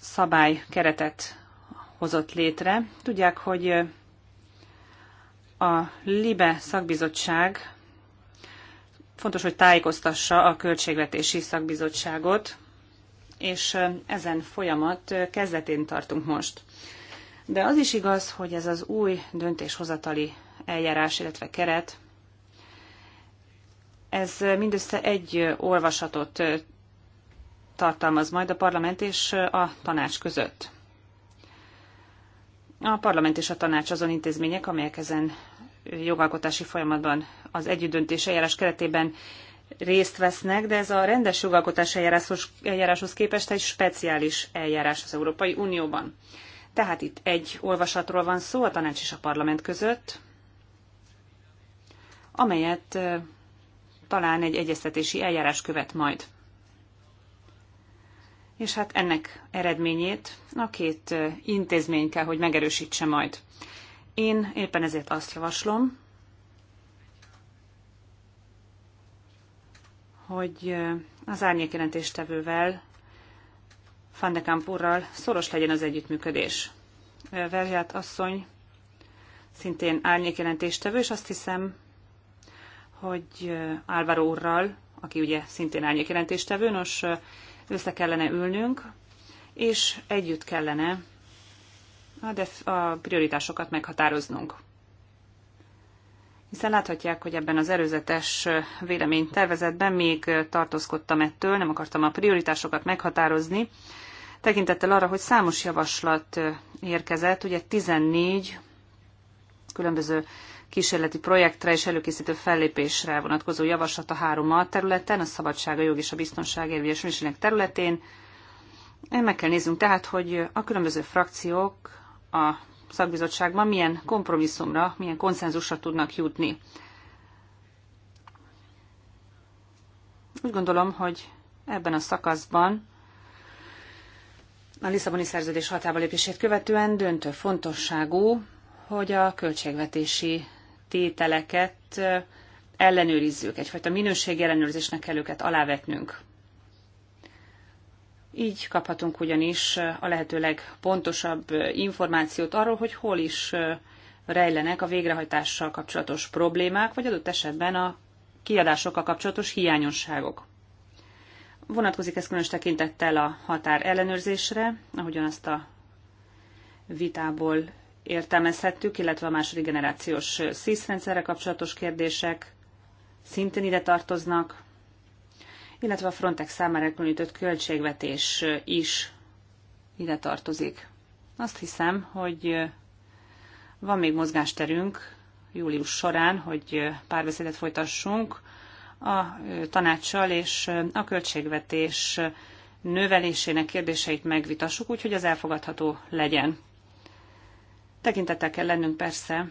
szabálykeretet hozott létre. Tudják, hogy a LIBE szakbizottság fontos, hogy tájékoztassa a költségvetési szakbizottságot, és ezen folyamat kezdetén tartunk most. De az is igaz, hogy ez az új döntéshozatali eljárás, illetve keret ez mindössze egy olvasatot tartalmaz majd a parlament és a tanács között. A parlament és a tanács azon intézmények, amelyek ezen jogalkotási folyamatban az együttdöntés eljárás keretében részt vesznek, de ez a rendes jogalkotás eljáráshoz, eljáráshoz képest egy speciális eljárás az Európai Unióban. Tehát itt egy olvasatról van szó a tanács és a parlament között, amelyet talán egy egyeztetési eljárás követ majd. És hát ennek eredményét a két intézmény kell, hogy megerősítse majd. Én éppen ezért azt javaslom, hogy az árnyékjelentéstevővel, Van de Campurral szoros legyen az együttműködés. Verját asszony szintén árnyékjelentéstevő, és azt hiszem, hogy Álvaro úrral, aki ugye szintén árnyék jelentéstevő, nos, össze kellene ülnünk, és együtt kellene a, def- a prioritásokat meghatároznunk. Hiszen láthatják, hogy ebben az erőzetes véleménytervezetben még tartózkodtam ettől, nem akartam a prioritásokat meghatározni, tekintettel arra, hogy számos javaslat érkezett, ugye 14 különböző kísérleti projektre és előkészítő fellépésre vonatkozó javaslat a három a területen, a szabadság, a jog és a biztonság érvényesülésének területén. Meg kell néznünk tehát, hogy a különböző frakciók a szakbizottságban milyen kompromisszumra, milyen konszenzusra tudnak jutni. Úgy gondolom, hogy ebben a szakaszban a Lisszaboni szerződés hatába lépését követően döntő fontosságú, hogy a költségvetési tételeket ellenőrizzük, egyfajta minőségi ellenőrzésnek kell őket alávetnünk. Így kaphatunk ugyanis a lehető legpontosabb információt arról, hogy hol is rejlenek a végrehajtással kapcsolatos problémák, vagy adott esetben a kiadásokkal kapcsolatos hiányosságok. Vonatkozik ez különös tekintettel a határ ellenőrzésre, ahogyan azt a vitából értelmezhettük, illetve a második generációs SZISZ rendszerre kapcsolatos kérdések szintén ide tartoznak, illetve a Frontex számára elkülönített költségvetés is ide tartozik. Azt hiszem, hogy van még mozgásterünk július során, hogy párbeszédet folytassunk a tanácssal, és a költségvetés növelésének kérdéseit megvitassuk, úgyhogy az elfogadható legyen. Tekintettel kell lennünk persze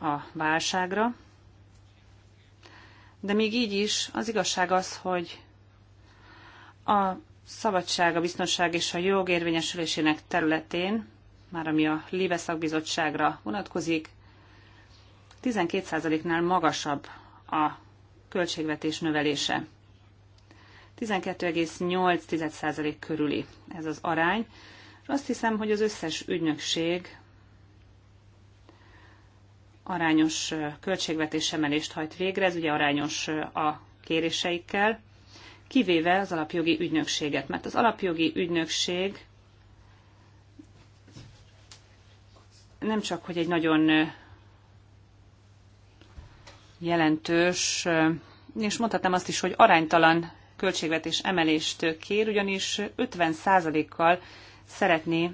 a válságra, de még így is az igazság az, hogy a szabadság, a biztonság és a jog érvényesülésének területén, már ami a Libe szakbizottságra vonatkozik, 12%-nál magasabb a költségvetés növelése. 12,8% körüli ez az arány. Azt hiszem, hogy az összes ügynökség arányos költségvetésemelést hajt végre, ez ugye arányos a kéréseikkel, kivéve az alapjogi ügynökséget, mert az alapjogi ügynökség nem csak, hogy egy nagyon jelentős, és mondhatnám azt is, hogy aránytalan költségvetés emelést kér, ugyanis 50%-kal szeretné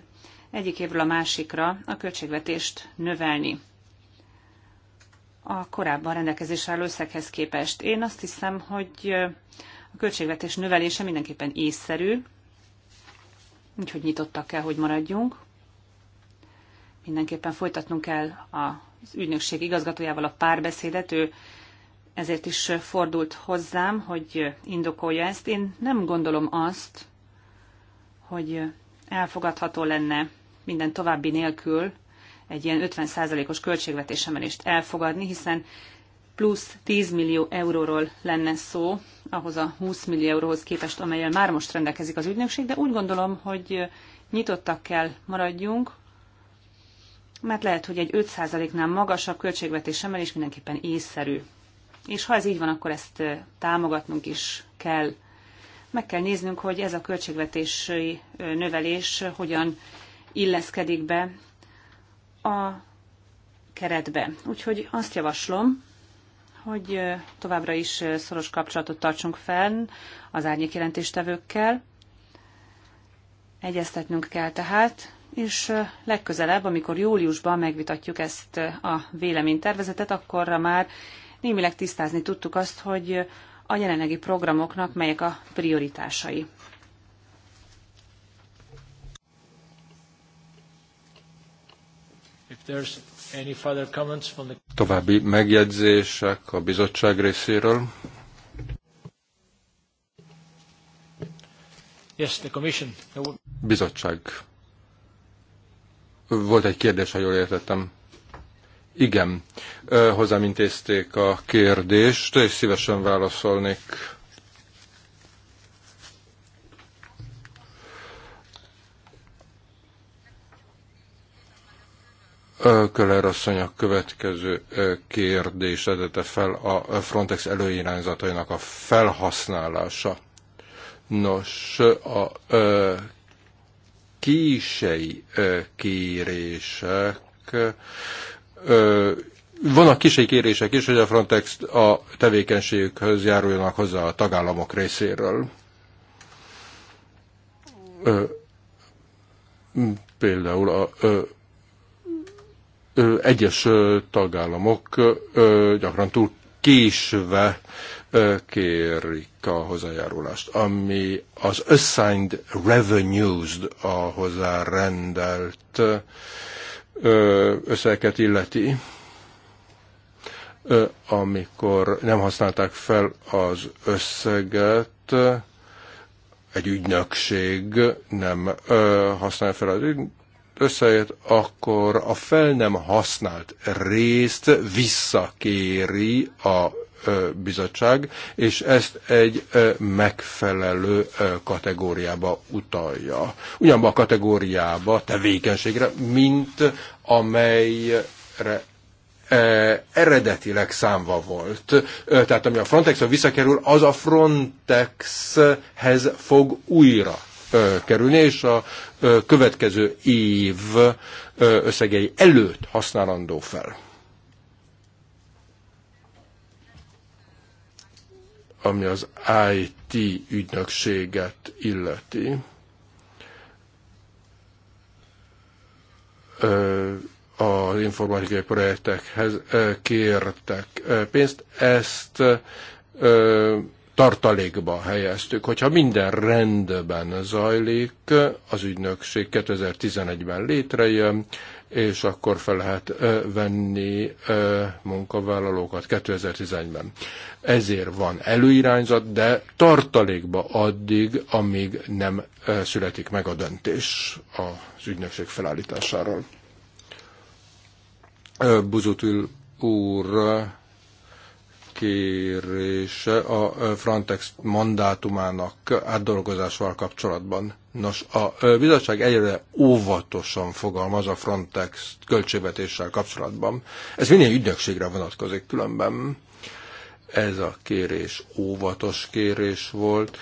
egyik évről a másikra a költségvetést növelni a korábban rendelkezésre álló összeghez képest. Én azt hiszem, hogy a költségvetés növelése mindenképpen észszerű, úgyhogy nyitottak kell, hogy maradjunk. Mindenképpen folytatnunk kell az ügynökség igazgatójával a párbeszédet. Ő ezért is fordult hozzám, hogy indokolja ezt. Én nem gondolom azt, hogy elfogadható lenne minden további nélkül, egy ilyen 50%-os költségvetésemelést elfogadni, hiszen plusz 10 millió euróról lenne szó, ahhoz a 20 millió euróhoz képest, amelyel már most rendelkezik az ügynökség, de úgy gondolom, hogy nyitottak kell maradjunk, mert lehet, hogy egy 5%-nál magasabb költségvetés emelés mindenképpen észszerű. És ha ez így van, akkor ezt támogatnunk is kell. Meg kell néznünk, hogy ez a költségvetési növelés hogyan illeszkedik be a keretbe. Úgyhogy azt javaslom, hogy továbbra is szoros kapcsolatot tartsunk fenn az árnyék jelentéstevőkkel. Egyeztetnünk kell tehát, és legközelebb, amikor júliusban megvitatjuk ezt a véleménytervezetet, akkorra már némileg tisztázni tudtuk azt, hogy a jelenlegi programoknak melyek a prioritásai.
További megjegyzések a bizottság részéről. Yes, the commission. Bizottság. Volt egy kérdés, ha jól értettem. Igen, hozzám intézték a kérdést, és szívesen válaszolnék Köller asszony a következő kérdést adta fel a Frontex előirányzatainak a felhasználása. Nos, a kisei kérések van vannak kisei kérések is, hogy a Frontex a tevékenységükhöz járuljanak hozzá a tagállamok részéről. például a egyes tagállamok gyakran túl késve kérik a hozzájárulást, ami az assigned revenues a hozzárendelt összeget illeti, amikor nem használták fel az összeget, egy ügynökség nem használja fel az összejött, akkor a fel nem használt részt visszakéri a bizottság, és ezt egy megfelelő kategóriába utalja. Ugyanabba a kategóriába, tevékenységre, mint amelyre eredetileg számva volt. Tehát ami a Frontexről visszakerül, az a Frontexhez fog újra kerülni, és a következő év összegei előtt használandó fel. Ami az IT ügynökséget illeti. az informatikai projektekhez kértek pénzt. Ezt tartalékba helyeztük. Hogyha minden rendben zajlik, az ügynökség 2011-ben létrejön, és akkor fel lehet venni munkavállalókat 2011-ben. Ezért van előirányzat, de tartalékba addig, amíg nem születik meg a döntés az ügynökség felállításáról. Buzutil úr kérése a Frontex mandátumának átdolgozásával kapcsolatban. Nos, a bizottság egyre óvatosan fogalmaz a Frontex költségvetéssel kapcsolatban. Ez minden ügynökségre vonatkozik különben. Ez a kérés óvatos kérés volt.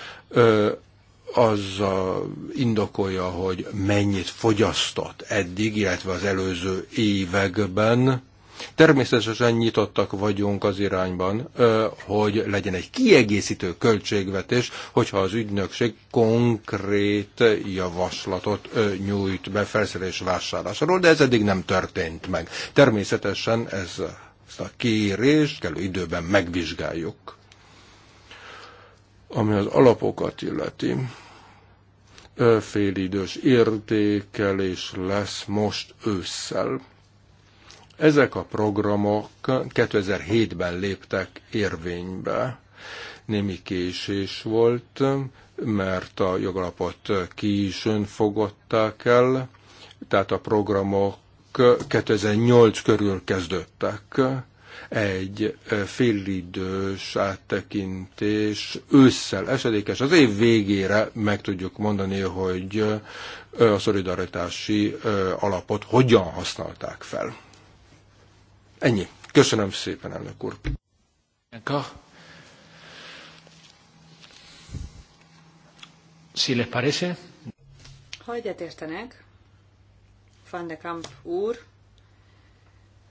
Az a indokolja, hogy mennyit fogyasztott eddig, illetve az előző években Természetesen nyitottak vagyunk az irányban, hogy legyen egy kiegészítő költségvetés, hogyha az ügynökség konkrét javaslatot nyújt be felszerelés vásárlásról, de ez eddig nem történt meg. Természetesen ez ezt a kérést kellő időben megvizsgáljuk. Ami az alapokat illeti, félidős értékelés lesz most ősszel. Ezek a programok 2007-ben léptek érvénybe. Némi késés volt, mert a jogalapot későn fogották el, tehát a programok 2008 körül kezdődtek. Egy félidős áttekintés ősszel esedékes. Az év végére meg tudjuk mondani, hogy a szolidaritási alapot hogyan használták fel. Ennyi. Köszönöm szépen, elnök úr. Si parece?
Ha egyetértenek, Van de Kamp úr,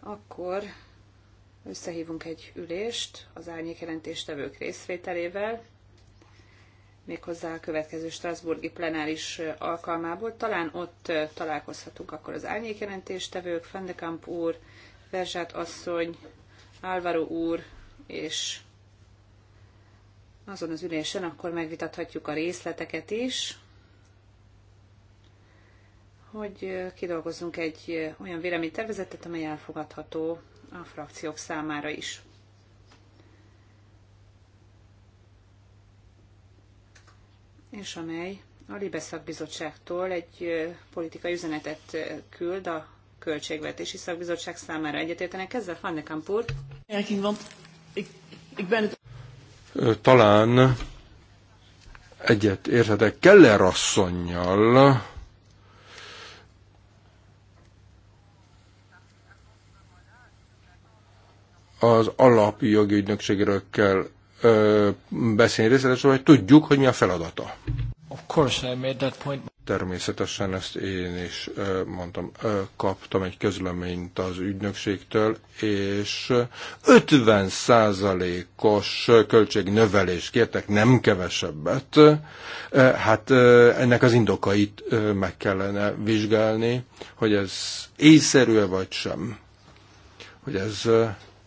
akkor összehívunk egy ülést az jelentéstevők részvételével, méghozzá a következő Strasburgi plenáris alkalmából. Talán ott találkozhatunk akkor az árnyékjelentéstevők, Fendekamp úr, Perzsát asszony, Álvaro úr, és azon az ülésen akkor megvitathatjuk a részleteket is, hogy kidolgozzunk egy olyan véleménytervezetet, amely elfogadható a frakciók számára is. És amely a Libeszak Bizottságtól egy politikai üzenetet küld a költségvetési szakbizottság számára. Egyetértenek ezzel, van, Fannekamp úr?
Talán egyet érthetek Keller asszonynal, az alapjogi ügynökségről kell ö, beszélni részletesen, hogy tudjuk, hogy mi a feladata. Of course I made that point. Természetesen ezt én is mondtam, kaptam egy közleményt az ügynökségtől, és 50 százalékos költségnövelést kértek, nem kevesebbet. Hát ennek az indokait meg kellene vizsgálni, hogy ez észszerű-e vagy sem, hogy ez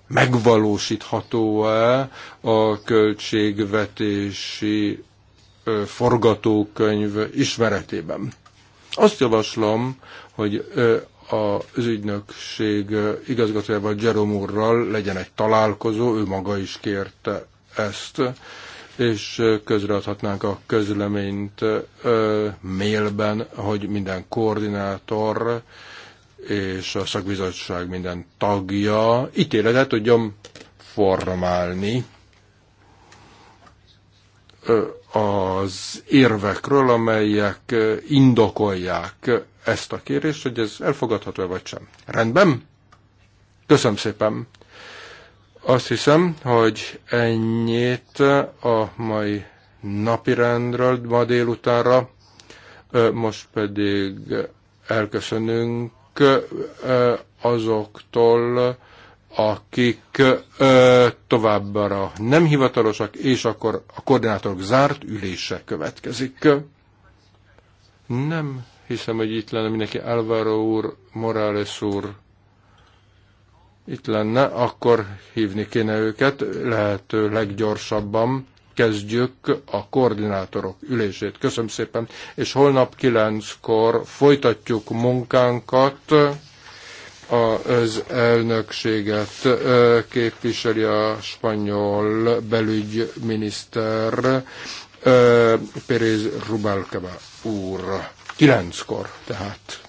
megvalósítható-e a költségvetési forgatókönyv ismeretében. Azt javaslom, hogy az ügynökség igazgatójával Jerome úrral legyen egy találkozó, ő maga is kérte ezt, és közreadhatnánk a közleményt mailben, hogy minden koordinátor és a szakbizottság minden tagja ítéletet tudjon formálni az érvekről, amelyek indokolják ezt a kérést, hogy ez elfogadható-e vagy sem. Rendben? Köszönöm szépen. Azt hiszem, hogy ennyit a mai rendről ma délutánra. Most pedig elköszönünk azoktól, akik ö, továbbra nem hivatalosak, és akkor a koordinátorok zárt ülése következik. Nem hiszem, hogy itt lenne mindenki Álvaro úr, Morales úr. Itt lenne, akkor hívni kéne őket, lehető leggyorsabban kezdjük a koordinátorok ülését. Köszönöm szépen, és holnap kilenckor folytatjuk munkánkat az elnökséget képviseli a spanyol belügyminiszter Pérez Rubalcaba úr. Kilenckor tehát.